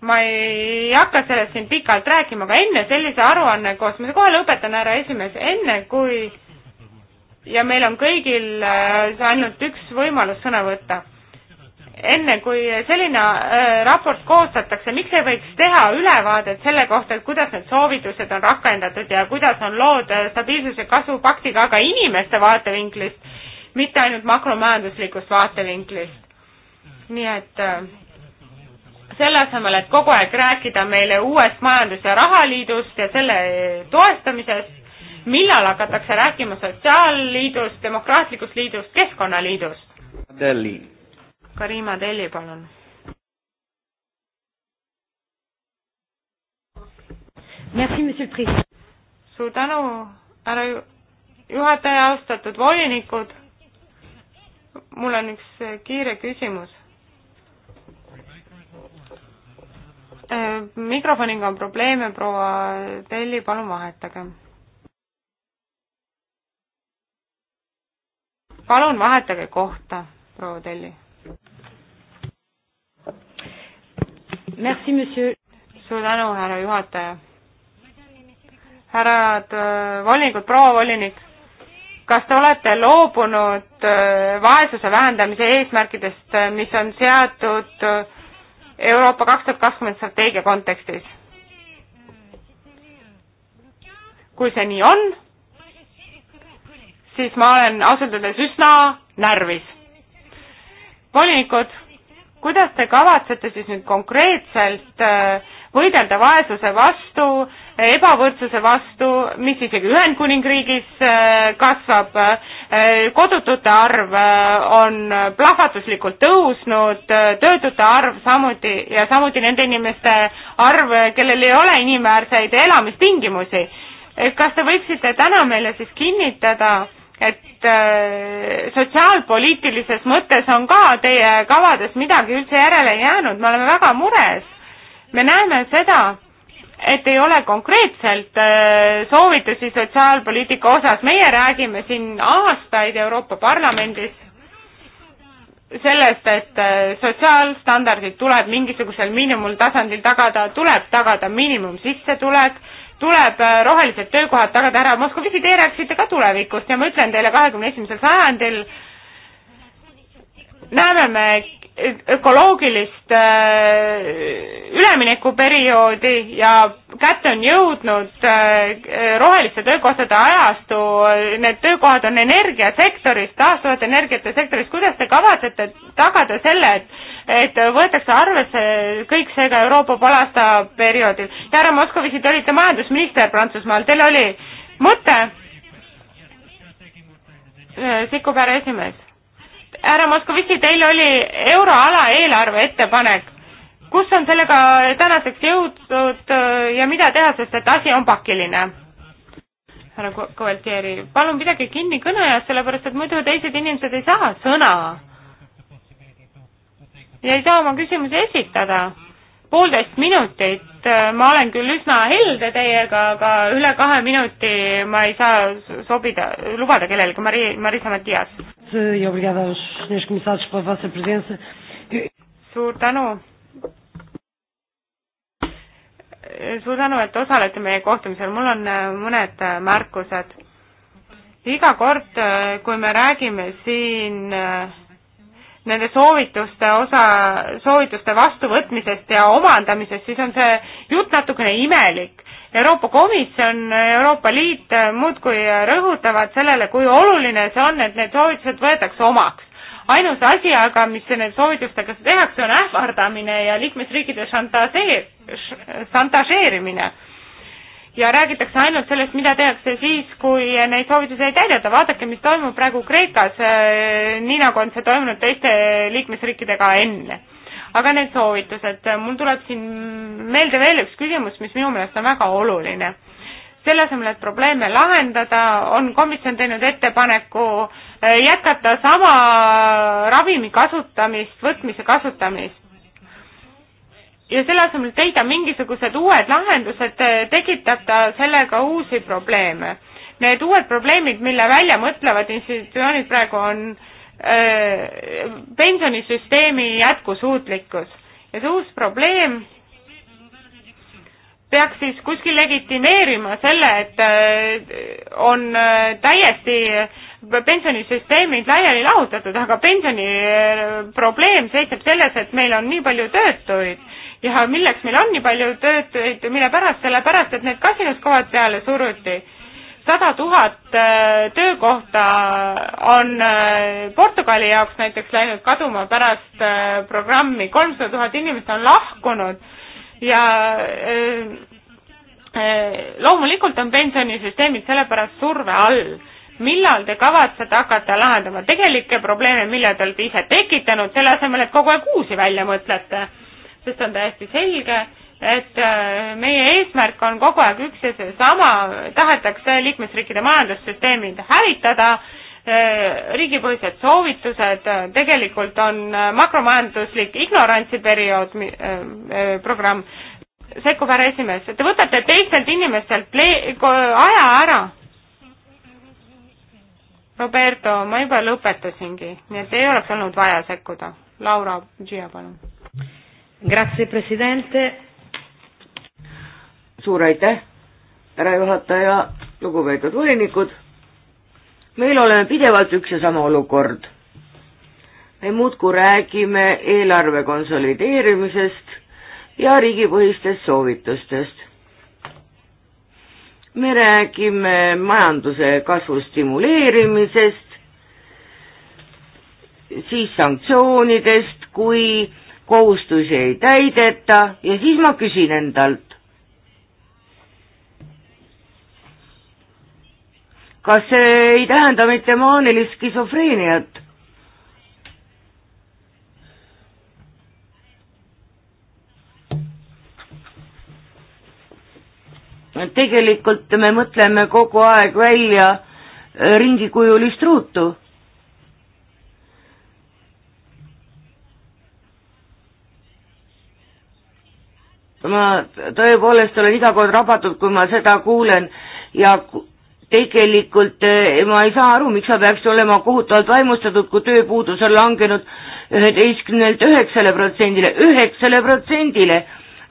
ma ei hakka sellest siin pikalt rääkima, aga enne sellise aruanne koos, ma kohe lõpetan, härra esimees, enne kui ja meil on kõigil äh, ainult üks võimalus sõna võtta enne kui selline äh, raport koostatakse, miks ei võiks teha ülevaadet selle kohta, et kuidas need soovitused on rakendatud ja kuidas on lood äh, stabiilsuse kasvupaktiga, aga inimeste vaatevinklist, mitte ainult makromajanduslikust vaatevinklist. nii et äh, selle asemel, et kogu aeg rääkida meile uuest majandus- ja rahaliidust ja selle toestamisest, millal hakatakse rääkima sotsiaalliidust, demokraatlikust liidust, keskkonnaliidust? Delhi Karima Telli, palun. suur tänu, härra juhataja, austatud volinikud. mul on üks äh, kiire küsimus. Äh, mikrofoniga on probleeme, proua Telli, palun vahetage. palun vahetage kohta, proua Telli Merci, monsieur. suur tänu, härra juhataja. härrad äh, volinikud, proua volinik, kas te olete loobunud äh, vaesuse vähendamise eesmärkidest, äh, mis on seatud Euroopa kaks tuhat kakskümmend strateegia kontekstis? kui see nii on, siis ma olen ausalt öeldes üsna närvis. volinikud kuidas te kavatsete siis nüüd konkreetselt äh, võidelda vaesuse vastu, ebavõrdsuse vastu, mis isegi Ühendkuningriigis äh, kasvab, äh, kodutute arv on plahvatuslikult tõusnud, töötute arv samuti ja samuti nende inimeste arv, kellel ei ole inimväärseid elamistingimusi. kas te võiksite täna meile siis kinnitada, et et äh, sotsiaalpoliitilises mõttes on ka teie kavades midagi üldse järele jäänud, me oleme väga mures. me näeme seda, et ei ole konkreetselt äh, soovitusi sotsiaalpoliitika osas, meie räägime siin aastaid Euroopa Parlamendis sellest, et äh, sotsiaalstandardid tuleb mingisugusel miinimumtasandil tagada, tuleb tagada miinimumsissetulek tuleb äh, rohelised töökohad tagada ära. Moskovitsi, teie rääkisite ka tulevikust ja ma ütlen teile, kahekümne esimesel sajandil näeme me ökoloogilist äh, üleminekuperioodi ja kätte on jõudnud äh, roheliste töökohtade ajastu, need töökohad on energiasektoris, taastuvate energiate sektoris, kuidas te kavatsete tagada selle, et et võetakse arvesse kõik see ka Euroopa poolaasta perioodil. ja härra Moskovitši, te olite majandusminister Prantsusmaal, teil oli mõte, äh, Sikkub härra esimees, härra Moskovitši, teil oli euroala eelarve ettepanek, kus on sellega tänaseks jõudnud äh, ja mida teha, sest et asi on pakiline? härra Kovaltieri, palun pidage kinni kõne ajast, sellepärast et muidu teised inimesed ei saa sõna ja ei saa oma küsimusi esitada. poolteist minutit, äh, ma olen küll üsna helde teiega, aga üle kahe minuti ma ei saa sobida, lubada kellelegi, Mari-, Marisa Matias. suur tänu. suur tänu, et osalete meie kohtumisel, mul on äh, mõned äh, märkused. iga kord, kui me räägime siin äh, nende soovituste osa, soovituste vastuvõtmisest ja omandamisest, siis on see jutt natukene imelik. Euroopa Komisjon, Euroopa Liit muudkui rõhutavad sellele, kui oluline see on, et need soovitused võetakse omaks. ainus asi aga, mis nende soovitustega tehakse, on ähvardamine ja liikmesriikide šantaseer-, šantažeerimine ja räägitakse ainult sellest, mida tehakse siis, kui neid soovitusi ei täideta, vaadake, mis toimub praegu Kreekas, äh, nii nagu on see toimunud teiste liikmesriikidega enne. aga need soovitused, mul tuleb siin meelde veel üks küsimus, mis minu meelest on väga oluline. selle asemel, et probleeme lahendada, on komisjon teinud ettepaneku äh, jätkata sama ravimi kasutamist, võtmise kasutamist ja selle asemel, et leida mingisugused uued lahendused, eh, tekitab ta sellega uusi probleeme. Need uued probleemid, mille välja mõtlevad institutsioonid praegu, on öö, eh, pensionisüsteemi jätkusuutlikkus ja see uus probleem peaks siis kuskil legitimeerima selle, et eh, on täiesti pensionisüsteemid laiali lahutatud, aga pensioni probleem seisneb selles, et meil on nii palju töötuid ja milleks meil on nii palju töötajaid, mille pärast, sellepärast et need kasinuskohad peale suruti. sada tuhat äh, töökohta on äh, Portugali jaoks näiteks läinud kaduma pärast äh, programmi, kolmsada tuhat inimest on lahkunud ja loomulikult on pensionisüsteemid sellepärast surve all millal te kavatsete hakata lahendama tegelikke probleeme, mille te olete ise tekitanud, selle asemel, et kogu aeg uusi välja mõtlete sest on täiesti selge, et äh, meie eesmärk on kogu aeg üks ja seesama, tahetakse liikmesriikide majandussüsteemid hävitada, äh, riigipõhised soovitused, äh, tegelikult on makromajanduslik ignorantsi periood, programm, sekkub härra esimees, te võtate teistelt inimestelt ple-, aja ära. Roberto, ma juba lõpetasingi, nii et ei oleks olnud vaja sekkuda. Laura Gia, palun Grazie, presidente. suur aitäh, härra juhataja, lugupeetud volinikud. meil oleme pidevalt üks ja sama olukord. me muudkui räägime eelarve konsolideerimisest ja riigipõhistest soovitustest. me räägime majanduse kasvu stimuleerimisest, siis sanktsioonidest, kui kohustusi ei täideta ja siis ma küsin endalt, kas see ei tähenda mitte maanilist skisofreeniat? tegelikult me mõtleme kogu aeg välja ringikujulist ruutu ma tõepoolest olen iga kord rabatud, kui ma seda kuulen ja tegelikult eh, ma ei saa aru, miks ma peaks olema kohutavalt vaimustatud, kui tööpuudus on langenud üheteistkümnelt üheksale protsendile, üheksale protsendile.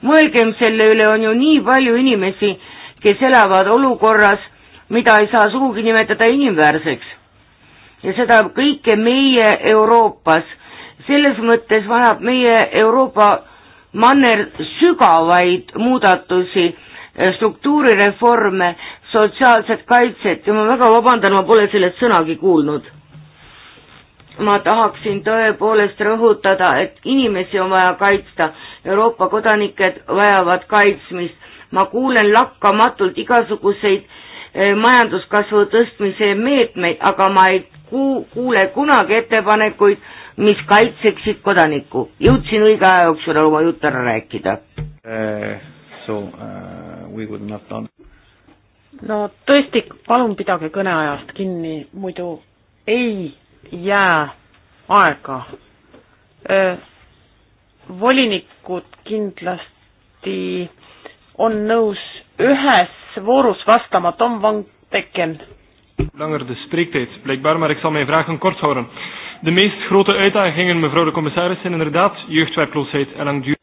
mõelgem selle üle, on ju nii palju inimesi, kes elavad olukorras, mida ei saa sugugi nimetada inimväärseks. ja seda kõike meie Euroopas, selles mõttes vajab meie Euroopa manner sügavaid muudatusi, eh, struktuurireforme, sotsiaalset kaitset ja ma väga vabandan, ma pole sellest sõnagi kuulnud. ma tahaksin tõepoolest rõhutada, et inimesi on vaja kaitsta, Euroopa kodanikud vajavad kaitsmist, ma kuulen lakkamatult igasuguseid eh, majanduskasvu tõstmise meetmeid, aga ma ei ku-, kuule kunagi ettepanekuid mis kaitseksid kodanikku. jõudsin õige aja jooksul oma jutt ära rääkida uh,. So uh, we would not done. no tõesti, palun pidage kõneajast kinni, muidu ei jää aega uh,. volinikud kindlasti on nõus ühes voorus vastama, Tom Van Tekken. Langer de spreektijd. Blijkbaar, maar ik zal mijn vragen kort houden. Uh, De meest grote uitdagingen, mevrouw de commissaris, zijn inderdaad jeugdwerkloosheid en langdurig.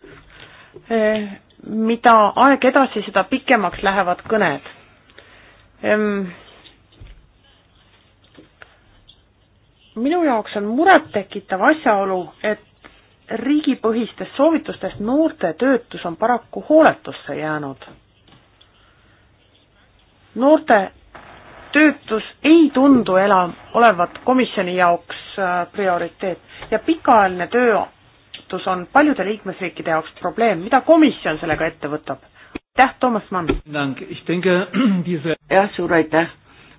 Eh, mida aeg edasi, seda pikemaks lähevad kõned. minu jaoks on murettekitav asjaolu, et riigipõhistest soovitustest noorte töötus on paraku hooletusse jäänud. noorte töötus ei tundu enam olevat komisjoni jaoks äh, prioriteet ja pikaajaline töötus on paljude liikmesriikide jaoks probleem, mida komisjon sellega ette võtab? aitäh, Toomas Mann! [CLEARS THROAT] jah, suur aitäh!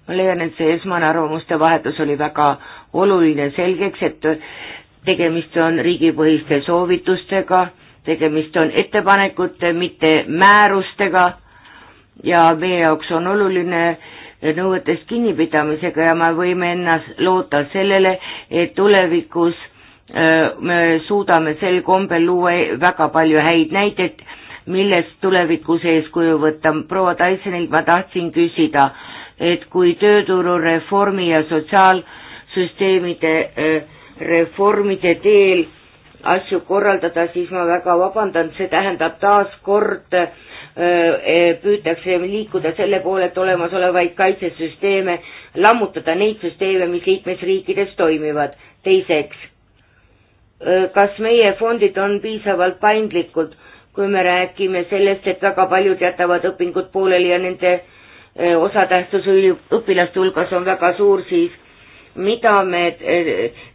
ma leian, et see esmane arvamuste vahetus oli väga oluline selgeks, et tegemist on riigipõhiste soovitustega, tegemist on ettepanekute, mitte määrustega ja meie jaoks on oluline äh, nõuetest kinnipidamisega ja me võime ennast loota sellele, et tulevikus äh, me suudame sel kombel luua väga palju häid näiteid, millest tulevikus eeskuju võtta. proua Tysonilt ma tahtsin küsida, et kui tööturureformi ja sotsiaalsüsteemide äh, reformide teel asju korraldada, siis ma väga vabandan, see tähendab taaskord äh, Eh, püütakse liikuda selle poole, et olemasolevaid kaitsesüsteeme lammutada, neid süsteeme, mis liikmesriikides toimivad. teiseks, kas meie fondid on piisavalt paindlikud, kui me räägime sellest, et väga paljud jätavad õpingud pooleli ja nende osatähtsus õpilaste hulgas on väga suur, siis mida me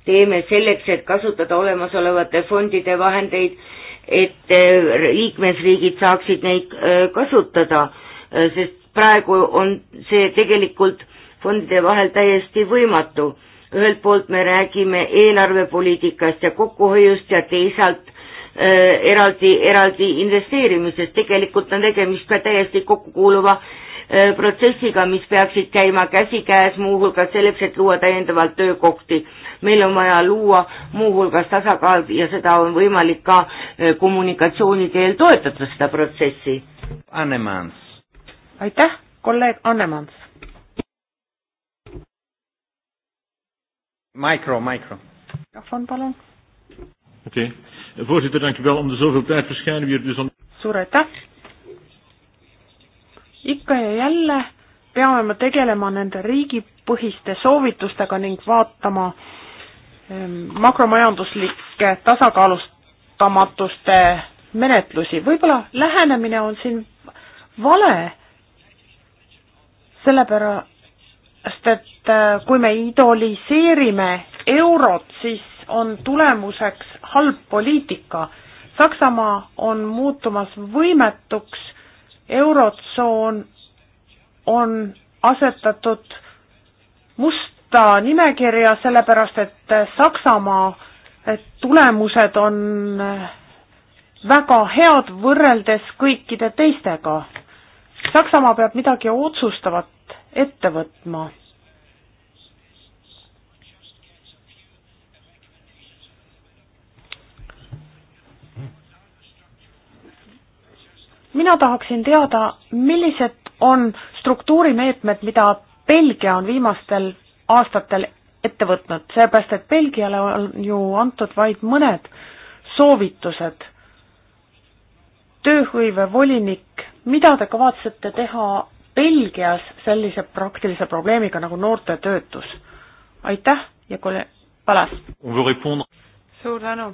teeme selleks, et kasutada olemasolevate fondide vahendeid et äh, liikmesriigid saaksid neid äh, kasutada, äh, sest praegu on see tegelikult fondide vahel täiesti võimatu. ühelt poolt me räägime eelarvepoliitikast ja kokkuhoiust ja teisalt eraldi, eraldi investeerimisest, tegelikult on tegemist ka täiesti kokkukuuluva Äh, protsessiga, mis peaksid käima käsikäes, muuhulgas selleks, et luua täiendavalt töökohti. meil on vaja luua muuhulgas tasakaal ja seda on võimalik ka äh, kommunikatsiooni teel toetada, seda protsessi. Annemans. aitäh, kolleeg Annemans. Micro, micro. Mikrofon, palun. Oké. Okay. Voorzitter, dank u wel. Om de zoveel tijd verschijnen we hier dus om... Suur aitäh, ikka ja jälle peame me tegelema nende riigipõhiste soovitustega ning vaatama ehm, makromajanduslike tasakaalustamatuste menetlusi. võib-olla lähenemine on siin vale, sellepärast et äh, kui me idoliseerime eurot, siis on tulemuseks halb poliitika. Saksamaa on muutumas võimetuks Eurotsoon on asetatud musta nimekirja, sellepärast et Saksamaa tulemused on väga head võrreldes kõikide teistega. Saksamaa peab midagi otsustavat ette võtma mina tahaksin teada, millised on struktuurimeetmed, mida Belgia on viimastel aastatel ette võtnud, sellepärast et Belgiale on ju antud vaid mõned soovitused. tööhõivevolinik, mida te kavatsete teha Belgias sellise praktilise probleemiga nagu noorte töötus? aitäh ja kolleeg Palas! suur tänu!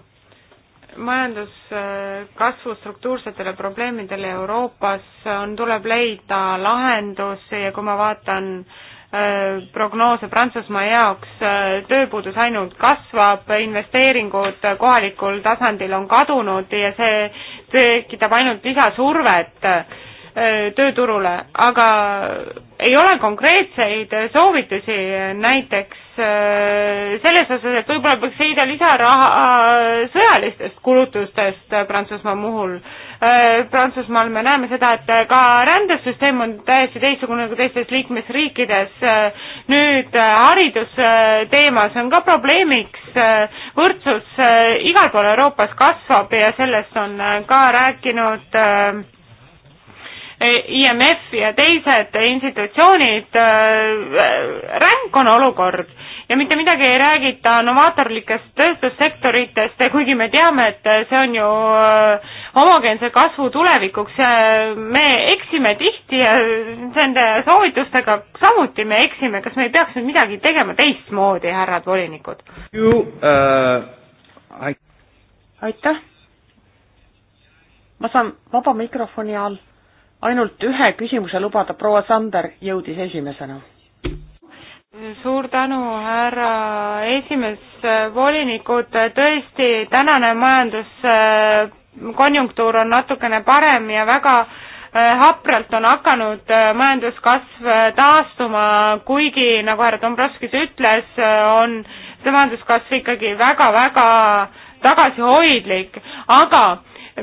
majanduskasvu struktuursetele probleemidele Euroopas on, tuleb leida lahendus ja kui ma vaatan äh, prognoose Prantsusmaa jaoks, äh, tööpuudus ainult kasvab, investeeringud kohalikul tasandil on kadunud ja see tekitab ainult lisasurvet Äh, tööturule, aga ei ole konkreetseid soovitusi näiteks äh, selles osas, et võib-olla peaks leida lisaraha äh, sõjalistest kulutustest Prantsusmaa muhul. Prantsusmaal me näeme seda, et ka rändesüsteem on täiesti teistsugune kui teistes liikmesriikides. nüüd haridusteemas on ka probleemiks, võrdsus igal pool Euroopas kasvab ja sellest on ka rääkinud IMF ja teised institutsioonid, äh, ränk on olukord ja mitte midagi ei räägita novaatorlikest tööstussektoritest, kuigi me teame, et see on ju äh, homogeense kasvu tulevikuks ja äh, me eksime tihti ja nende soovitustega samuti me eksime, kas me ei peaks nüüd midagi tegema teistmoodi, härrad volinikud? Uh, I... aitäh! ma saan vaba mikrofoni all ainult ühe küsimuse lubada, proua Sander jõudis esimesena. suur tänu, härra esimees, volinikud, tõesti, tänane majanduskonjunktuur on natukene parem ja väga äh, hapralt on hakanud äh, majanduskasv äh, taastuma, kuigi nagu härra Dombrovskis ütles, on see majanduskasv ikkagi väga-väga tagasihoidlik, aga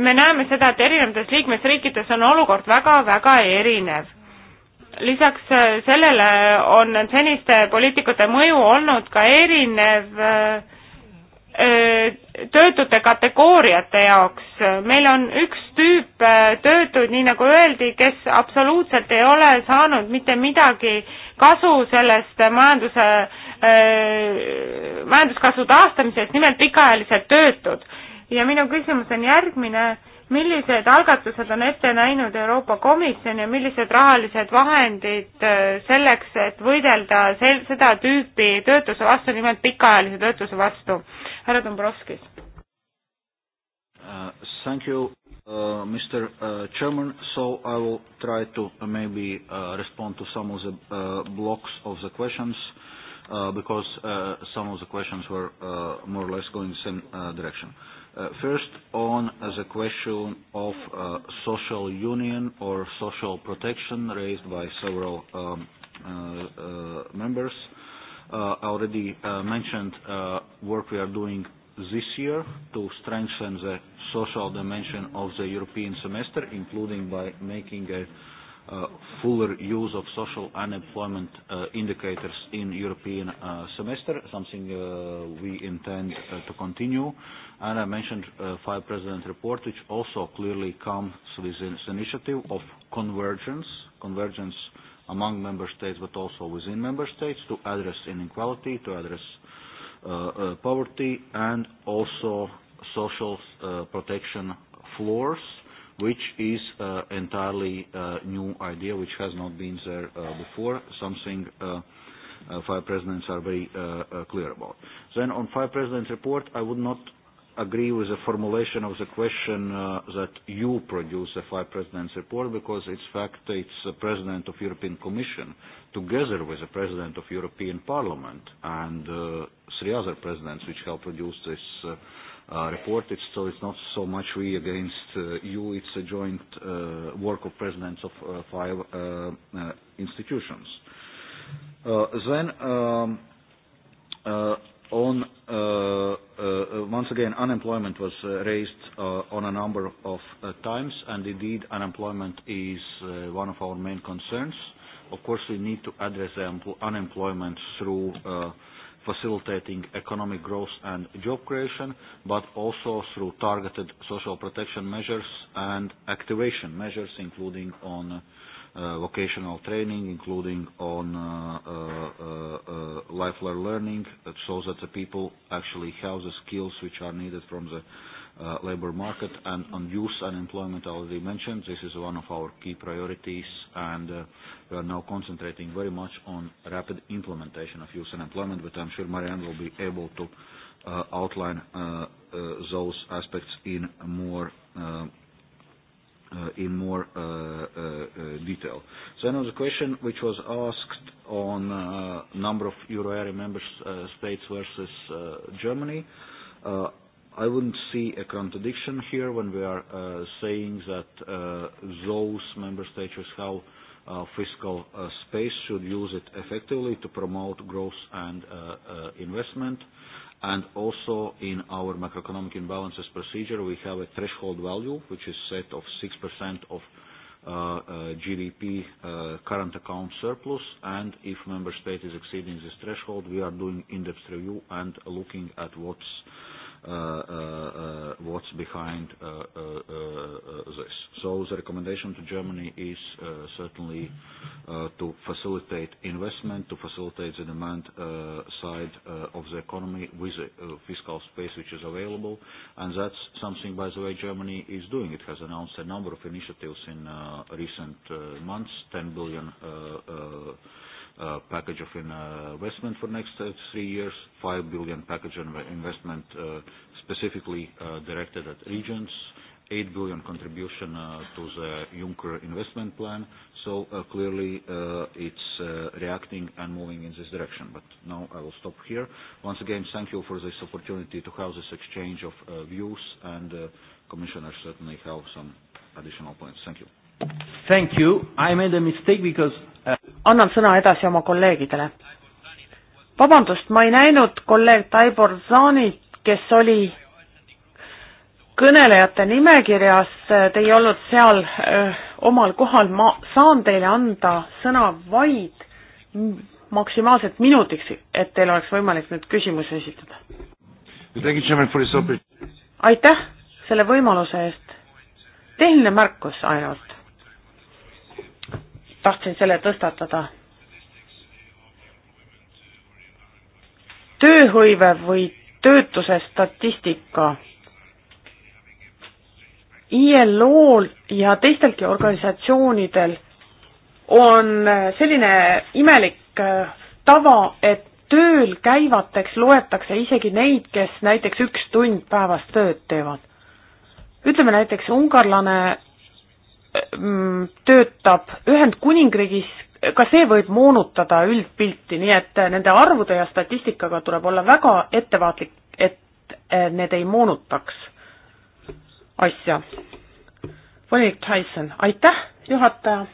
me näeme seda, et erinevates liikmesriikides on olukord väga-väga erinev. lisaks äh, sellele on seniste poliitikute mõju olnud ka erinev äh, äh, töötute kategooriate jaoks. meil on üks tüüp töötuid, nii nagu öeldi, kes absoluutselt ei ole saanud mitte midagi kasu sellest majanduse, majanduskasvu taastamisest, nimelt pikaajalised töötud ja minu küsimus on järgmine, millised algatused on ette näinud Euroopa Komisjon ja millised rahalised vahendid äh, selleks, et võidelda sel-, seda tüüpi töötuse vastu, nimelt pikaajalise töötuse vastu? härra Dombrovskis uh,. Thank you uh,, Mr uh, Chairman, so I will try to uh, maybe uh, respond to some of the uh, blocks of the questions uh, because uh, some of the questions were uh, more or less going the same uh, direction uh, Uh, first, on uh, the question of uh, social union or social protection raised by several um, uh, uh, members. Uh, already uh, mentioned uh, work we are doing this year to strengthen the social dimension of the European semester, including by making a uh, fuller use of social unemployment uh, indicators in European uh, semester, something uh, we intend uh, to continue. And I mentioned uh, five president report, which also clearly comes with this initiative of convergence, convergence among member states, but also within member states to address inequality, to address uh, uh, poverty, and also social uh, protection floors uh, which is uh, entirely uh, new idea, which has not been there uh, before, something uh, uh, five presidents are very uh, uh, clear about. Then on five presidents report, I would not agree with the formulation of the question uh, that you produce a five presidents report because it's fact it's the president of European Commission together with the president of European Parliament and uh, three other presidents which have produced this uh, uh, report. It's, so it's not so much we against uh, you, it's a joint uh, work of presidents of uh, five uh, uh, institutions. Uh, then, um, uh, on uh, uh, uh once again, unemployment was uh, raised uh, on a number of uh, times, and indeed, unemployment is one of our main concerns. Of course, we need to address unemployment through facilitating economic growth and job creation, but also through targeted social protection measures and activation measures, including on uh, vocational training, including on uh, uh, uh, uh lifelong learning, so that the people actually have the skills which are needed from the uh, labor market and on youth unemployment already mentioned. This is one of our key priorities, and uh, we are now concentrating very much on rapid implementation of youth unemployment, but I'm sure Marianne will be able to uh, outline uh, uh, those aspects in more uh, uh, in more uh, uh, uh detail. So another question which was asked on uh, number of euro area member uh, states versus uh, Germany. Uh, I wouldn't see a contradiction here when we are uh, saying that uh, those member states which have uh, fiscal uh, space should use it effectively to promote growth and uh, uh, investment. And also in our macroeconomic imbalances procedure, we have a threshold value, which is set of 6% of uh, uh, GDP uh, current account surplus. And if member state is exceeding this threshold, we are doing in-depth review and looking at what's uh, Uh, uh, uh, what's behind uh, uh, uh, uh, this. So the recommendation to Germany is uh, certainly uh, to facilitate investment, to facilitate the demand uh, side uh, of the economy with the uh, fiscal space which is available. And that's something, by the way, Germany is doing. It has announced a number of initiatives in uh, recent uh, months, 10 billion uh, uh, uh, package of uh, investment for next uh, three years, 5 billion package of investment uh, specifically uh, directed at regions, 8 billion contribution uh, to the Juncker investment plan. So uh, clearly uh, it's uh, reacting and moving in this direction. But now I will stop here. Once again, thank you for this opportunity to have this exchange of uh, views and uh, Commissioner certainly have some additional points. Thank you. Thank you. I made a mistake because... Uh annan sõna edasi oma kolleegidele. vabandust, ma ei näinud kolleeg Taibor Zaanit, kes oli kõnelejate nimekirjas, te ei olnud seal öö, äh, omal kohal, ma saan teile anda sõna vaid maksimaalselt minutiks, et teil oleks võimalik nüüd küsimusi esitada. aitäh selle võimaluse eest. tehniline märkus ainult tahtsin selle tõstatada. tööhõive või töötuse statistika. ILO-l ja teistelgi organisatsioonidel on selline imelik äh, tava, et tööl käivateks loetakse isegi neid, kes näiteks üks tund päevas tööd teevad. ütleme näiteks ungarlane Mm, töötab Ühendkuningriigis, ka see võib moonutada üldpilti, nii et äh, nende arvude ja statistikaga tuleb olla väga ettevaatlik, et äh, need ei moonutaks asja. volinik Tyson, aitäh, juhataja.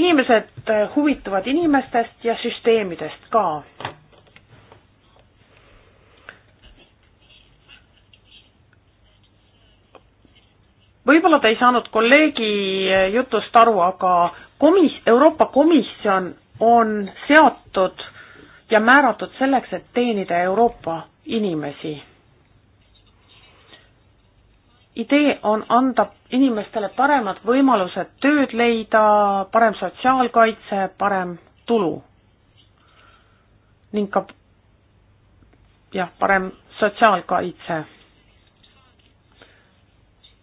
inimesed äh, huvituvad inimestest ja süsteemidest ka võib-olla te ei saanud kolleegi eh, jutust aru, aga komis-, Euroopa Komisjon on seatud ja määratud selleks, et teenida Euroopa inimesi. idee on anda inimestele paremad võimalused tööd leida, parem sotsiaalkaitse, parem tulu ning ka jah, parem sotsiaalkaitse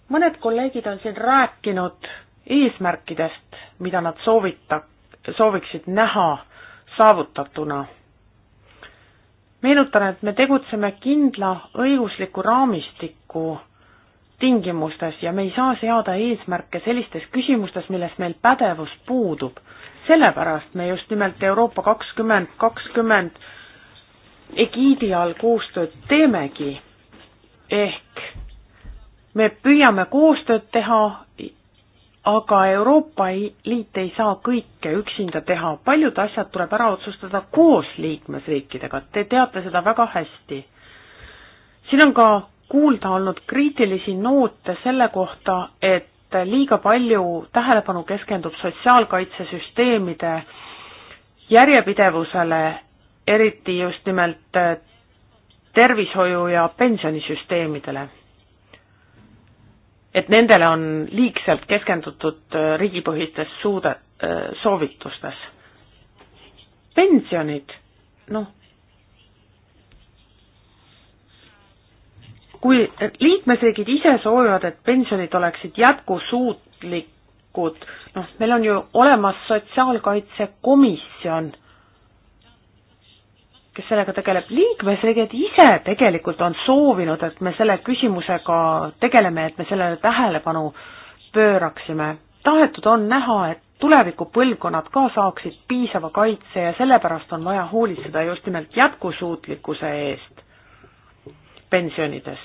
mõned kolleegid on siin rääkinud eesmärkidest, mida nad soovita-, sooviksid näha saavutatuna. meenutan, et me tegutseme kindla õigusliku raamistiku tingimustes ja me ei saa seada eesmärke sellistes küsimustes, milles meil pädevus puudub. sellepärast me just nimelt Euroopa kakskümmend kakskümmend egiidi all koostööd teemegi, ehk me püüame koostööd teha, aga Euroopa Liit ei saa kõike üksinda teha, paljud asjad tuleb ära otsustada koos liikmesriikidega, te teate seda väga hästi. siin on ka kuulda olnud kriitilisi noote selle kohta, et liiga palju tähelepanu keskendub sotsiaalkaitsesüsteemide järjepidevusele, eriti just nimelt tervishoiu ja pensionisüsteemidele et nendele on liigselt keskendutud äh, riigipõhistes suude, äh, soovitustes. pensionid, noh, kui liikmesriigid ise soovivad, et pensionid oleksid jätkusuutlikud, noh, meil on ju olemas sotsiaalkaitsekomisjon kes sellega tegeleb, liikmesriigid ise tegelikult on soovinud, et me selle küsimusega tegeleme, et me sellele tähelepanu pööraksime. tahetud on näha, et tulevikupõlvkonnad ka saaksid piisava kaitse ja sellepärast on vaja hoolitseda just nimelt jätkusuutlikkuse eest pensionides.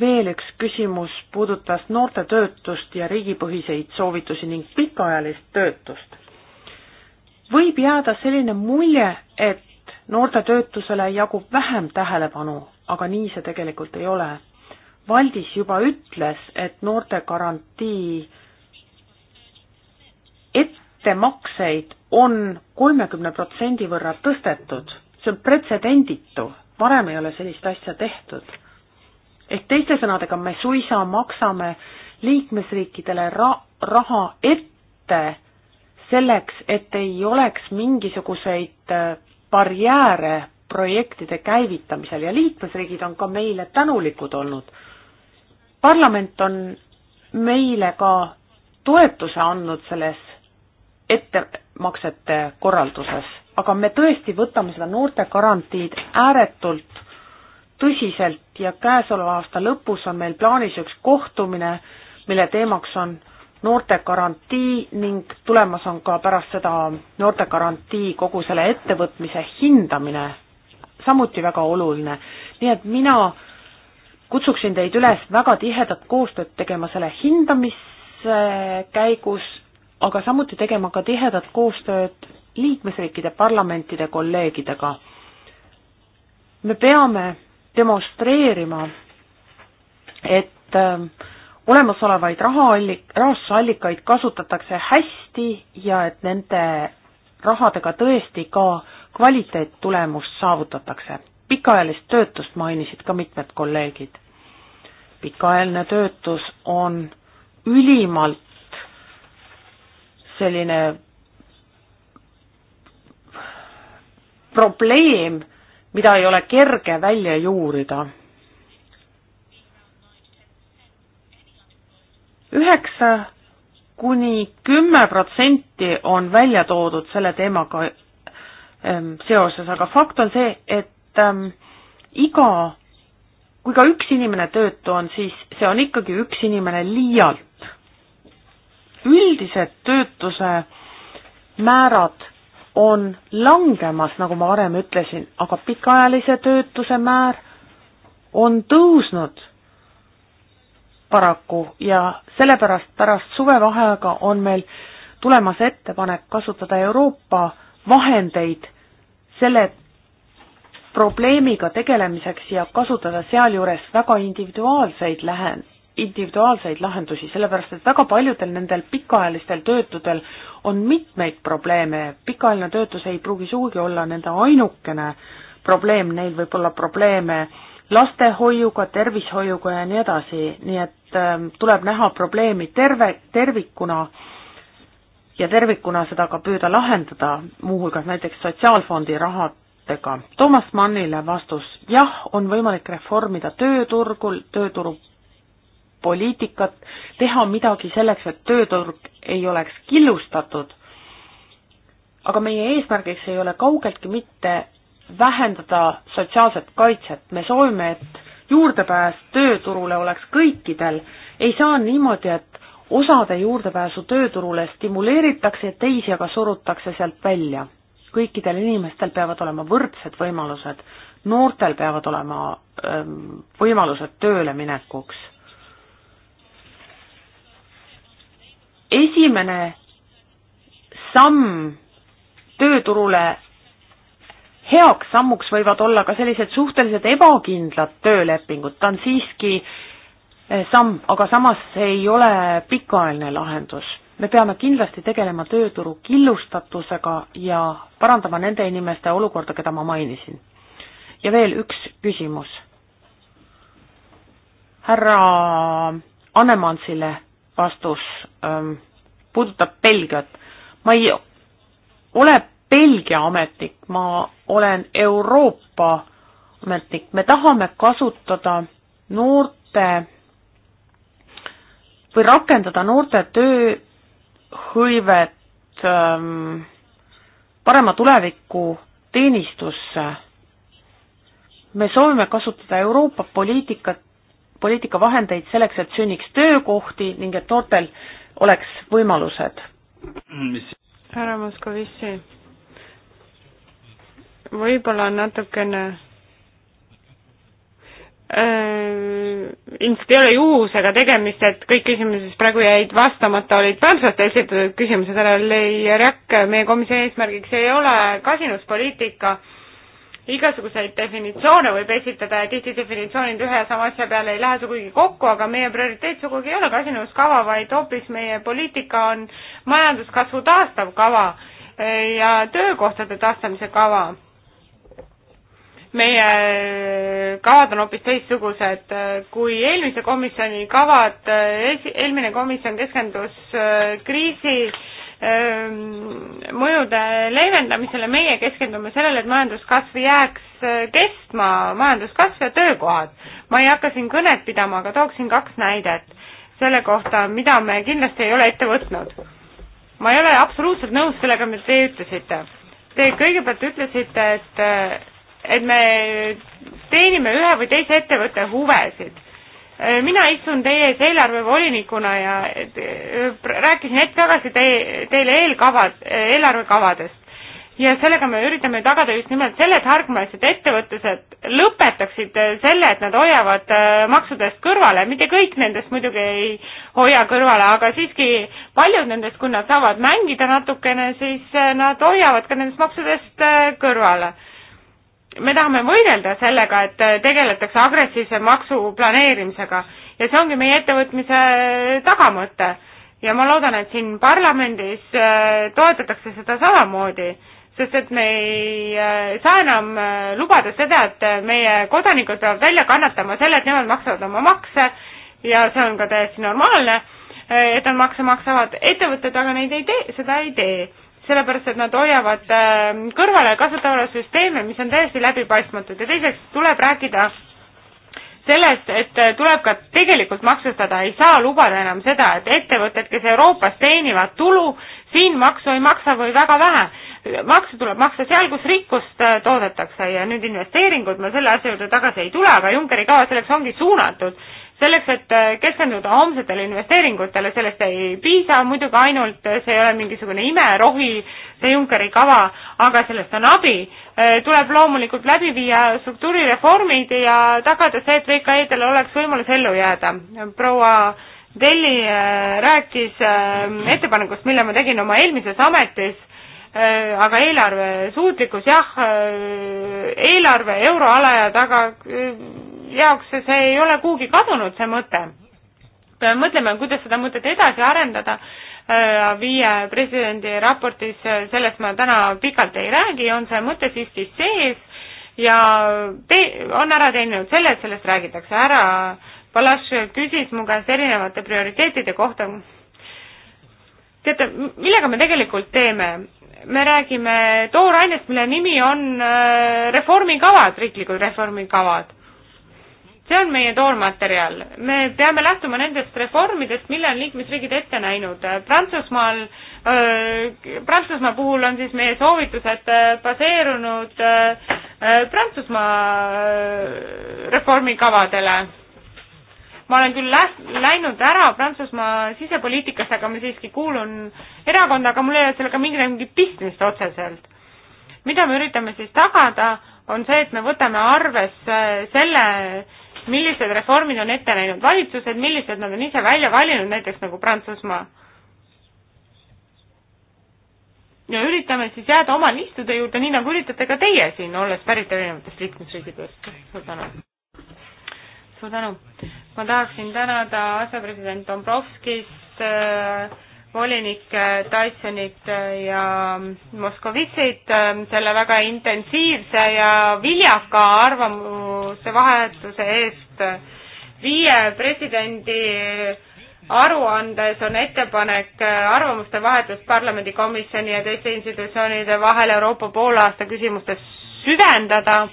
veel üks küsimus puudutas noorte töötust ja riigipõhiseid soovitusi ning pikaajalist töötust võib jääda selline mulje, et noorte töötusele jagub vähem tähelepanu, aga nii see tegelikult ei ole. Valdis juba ütles, et noorte garantii ettemakseid on kolmekümne protsendi võrra tõstetud, see on pretsedenditu, varem ei ole sellist asja tehtud. ehk teiste sõnadega, me suisa maksame liikmesriikidele ra-, raha ette selleks, et ei oleks mingisuguseid äh, barjääre projektide käivitamisel ja liikmesriigid on ka meile tänulikud olnud. parlament on meile ka toetuse andnud selles ettemaksete korralduses, aga me tõesti võtame seda noortegarantiid ääretult tõsiselt ja käesoleva aasta lõpus on meil plaanis üks kohtumine, mille teemaks on noortegarantii ning tulemas on ka pärast seda noortegarantii kogu selle ettevõtmise hindamine, samuti väga oluline. nii et mina kutsuksin teid üles väga tihedat koostööd tegema selle hindamise käigus, aga samuti tegema ka tihedat koostööd liikmesriikide parlamentide kolleegidega. me peame demonstreerima, et äh, olemasolevaid rahaallik-, rahastusallikaid kasutatakse hästi ja et nende rahadega tõesti ka kvaliteettulemust saavutatakse. pikaajalist töötust mainisid ka mitmed kolleegid. pikaajaline töötus on ülimalt selline probleem, mida ei ole kerge välja juurida üheksa kuni kümme protsenti on välja toodud selle teemaga ähm, seoses, aga fakt on see, et ähm, iga, kui ka üks inimene töötu on, siis see on ikkagi üks inimene liialt. üldised töötuse määrad on langemas, nagu ma varem ütlesin, aga pikaajalise töötuse määr on tõusnud paraku ja sellepärast pärast suvevaheaega on meil tulemas ettepanek kasutada Euroopa vahendeid selle probleemiga tegelemiseks ja kasutada sealjuures väga individuaalseid lähen-, individuaalseid lahendusi, sellepärast et väga paljudel nendel pikaajalistel töötudel on mitmeid probleeme, pikaajaline töötus ei pruugi sugugi olla nende ainukene probleem, neil võib olla probleeme lastehoiuga, tervishoiuga ja nii edasi, nii et Ähm, tuleb näha probleemi terve, tervikuna ja tervikuna seda ka püüda lahendada, muuhulgas näiteks sotsiaalfondi rahadega. Toomas Mannile vastus, jah, on võimalik reformida tööturgul, tööturu poliitikat, teha midagi selleks, et tööturg ei oleks killustatud, aga meie eesmärgiks ei ole kaugeltki mitte vähendada sotsiaalset kaitset, me soovime, et juurdepääs tööturule oleks kõikidel, ei saa niimoodi, et osade juurdepääsu tööturule stimuleeritakse ja teisi aga surutakse sealt välja. kõikidel inimestel peavad olema võrdsed võimalused, noortel peavad olema ähm, võimalused tööle minekuks. esimene samm tööturule heaks sammuks võivad olla ka sellised suhteliselt ebakindlad töölepingud, ta on siiski eh, samm, aga samas see ei ole pikaajaline lahendus. me peame kindlasti tegelema tööturu killustatusega ja parandama nende inimeste olukorda, keda ma mainisin. ja veel üks küsimus. härra Annemansile vastus ähm, puudutab Belgiat. ma ei ole Belgia ametnik, ma olen Euroopa ametnik, me tahame kasutada noorte või rakendada noorte tööhõivet ähm, parema tuleviku teenistusse. me soovime kasutada Euroopa poliitikat, poliitikavahendeid selleks, et sünniks töökohti ning et noortel oleks võimalused. härra Moskovitši võib-olla on natukene äh, ilmselt ei ole juhusega tegemist, et kõik küsimused, mis praegu jäid vastamata, olid Värsost esitatud küsimused, härra Leirak, meie komisjoni eesmärgiks ei ole kasinuspoliitika, igasuguseid definitsioone võib esitada ja tihti definitsioonid ühe ja sama asja peale ei lähe sugugi kokku, aga meie prioriteet sugugi ei ole kasinuskava, vaid hoopis meie poliitika on majanduskasvu taastav kava äh, ja töökohtade taastamise kava meie kavad on hoopis teistsugused. kui eelmise komisjoni kavad, eelmine komisjon keskendus äh, kriisi ähm, mõjude leevendamisele, meie keskendume sellele, et majanduskasv jääks äh, kestma, majanduskasv ja töökohad. ma ei hakka siin kõnet pidama, aga tooksin kaks näidet selle kohta, mida me kindlasti ei ole ette võtnud. ma ei ole absoluutselt nõus sellega, mida te ütlesite. Te kõigepealt ütlesite, et äh, et me teenime ühe või teise ettevõtte huvesid. mina istun teie ees eelarvevolinikuna ja äh, rääkisin hetk tagasi teie, teile eelkavad, eelarvekavadest ja sellega me üritame tagada just nimelt selle, et hargmaised ettevõtlused lõpetaksid äh, selle, et nad hoiavad äh, maksudest kõrvale, mitte kõik nendest muidugi ei hoia kõrvale, aga siiski paljud nendest, kui nad saavad mängida natukene, siis nad hoiavad ka nendest maksudest kõrvale me tahame võidelda sellega, et tegeletakse agressiivse maksuplaneerimisega ja see ongi meie ettevõtmise tagamõte. ja ma loodan, et siin parlamendis äh, toetatakse seda samamoodi, sest et me ei äh, saa enam äh, lubada seda, et meie kodanikud peavad välja kannatama selle, et nemad maksavad oma makse ja see on ka täiesti normaalne, et nad makse maksavad, ettevõtted aga neid ei tee, seda ei tee sellepärast et nad hoiavad ähm, kõrvale kasutavale süsteeme, mis on täiesti läbipaistmatud ja teiseks tuleb rääkida sellest, et äh, tuleb ka tegelikult maksustada, ei saa lubada enam seda, et ettevõtted, kes Euroopas teenivad tulu, siin maksu ei maksa või väga vähe. maksu tuleb maksta seal, kus rikkust äh, toodetakse ja nüüd investeeringud, ma selle asja juurde tagasi ei tule, aga Junckeri kava selleks ongi suunatud selleks, et äh, keskenduda homsetele investeeringutele, sellest ei piisa muidugi ainult, äh, see ei ole mingisugune imerohi, see Junckeri kava, aga sellest on abi. Äh, tuleb loomulikult läbi viia struktuurireformid ja tagada see, et VKE-del oleks võimalus ellu jääda. proua Telli rääkis ettepanekust, mille ma tegin oma eelmises ametis, aga eelarve suutlikkus jah, eelarve euroala ja taga jaoks see ei ole kuhugi kadunud, see mõte. mõtleme, kuidas seda mõtet edasi arendada, äh, viie presidendi raportis, äh, sellest ma täna pikalt ei räägi, on see mõte siiski sees ja te-, on ära teeninud selle, et sellest räägitakse ära. Palaš küsis mu käest erinevate prioriteetide kohta. teate, millega me tegelikult teeme? me räägime toorainest, mille nimi on äh, reformikavad, riiklikud reformikavad see on meie toormaterjal. me peame lähtuma nendest reformidest, mille on liikmesriigid ette näinud. Prantsusmaal, Prantsusmaa puhul on siis meie soovitused äh, baseerunud äh, äh, Prantsusmaa reformikavadele. ma olen küll läht-, läinud ära Prantsusmaa sisepoliitikasse, aga ma siiski kuulun erakonda, aga mul ei ole sellega mingit pistmist otseselt. mida me üritame siis tagada, on see, et me võtame arvesse selle millised reformid on ette näinud valitsused, millised nad on ise välja valinud, näiteks nagu Prantsusmaa. ja üritame siis jääda oma niistude juurde, nii nagu üritate ka teie siin, olles pärit erinevatest liikmesriikidest. suur tänu. suur tänu. ma tahaksin tänada asepresident Dombrovskist äh, volinik äh, Tysonit äh, ja Moskovitsit äh, selle väga intensiivse ja viljaka arvamuse vahetuse eest. viie presidendi aruandes on ettepanek arvamuste vahetust parlamendikomisjoni ja teiste institutsioonide vahel Euroopa poolaasta küsimustes süvendada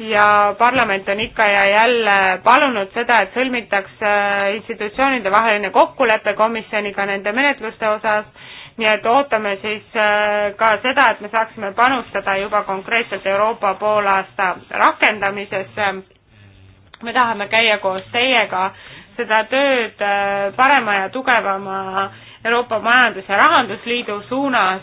ja parlament on ikka ja jälle palunud seda, et sõlmitaks äh, institutsioonide vaheline kokkulepe komisjoniga nende menetluste osas, nii et ootame siis äh, ka seda, et me saaksime panustada juba konkreetselt Euroopa poolaasta rakendamisesse. me tahame käia koos teiega seda tööd äh, parema ja tugevama Euroopa Majandus- ja Rahandusliidu suunas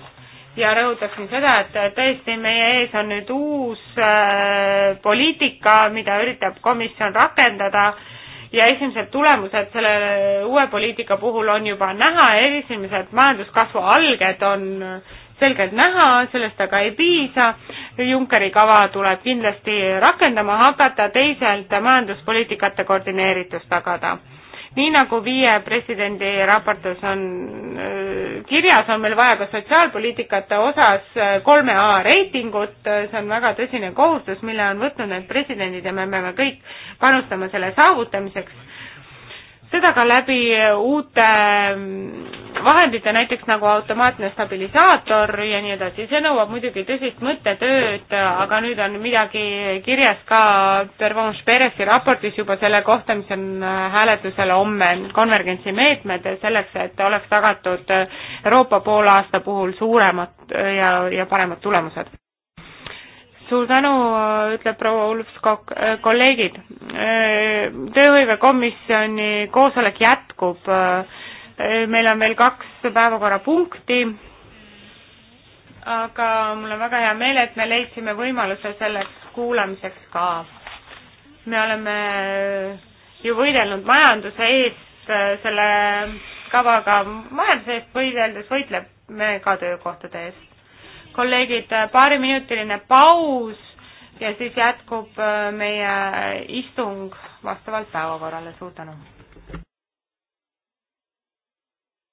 ja rõhutaksin seda, et tõesti meie ees on nüüd uus äh, poliitika, mida üritab komisjon rakendada ja esimesed tulemused selle uue poliitika puhul on juba näha, esimesed majanduskasvu alged on selgelt näha, sellest aga ei piisa. Junckeri kava tuleb kindlasti rakendama hakata, teisalt majanduspoliitikate koordineeritus tagada nii nagu viie presidendi raportis on äh, kirjas, on meil vaja ka sotsiaalpoliitikate osas äh, kolme A reitingut, äh, see on väga tõsine kohustus, mille on võtnud need presidendid ja me peame kõik panustama selle saavutamiseks seda ka läbi äh, uute ähm, vahendite, näiteks nagu automaatne stabilisaator ja nii edasi, see nõuab muidugi tõsist mõttetööd, äh, aga nüüd on midagi kirjas ka Pervanche Peresi raportis juba selle kohta, mis on äh, hääletusel homme, konvergentsimeetmed selleks, et oleks tagatud Euroopa poolaasta puhul suuremad ja, ja paremad tulemused suur tänu, ütleb proua Ulfskog, äh, kolleegid. Äh, tööhõivekomisjoni koosolek jätkub. Äh, meil on veel kaks päevakorrapunkti. aga mul on väga hea meel, et me leidsime võimaluse selleks kuulamiseks ka. me oleme ju võidelnud majanduse eest selle kavaga, majanduse eest võideldes võitleme ka töökohtade eest kolleegid, paariminutiline paus ja siis jätkub äh, meie istung vastavalt päevakorrale, suur tänu!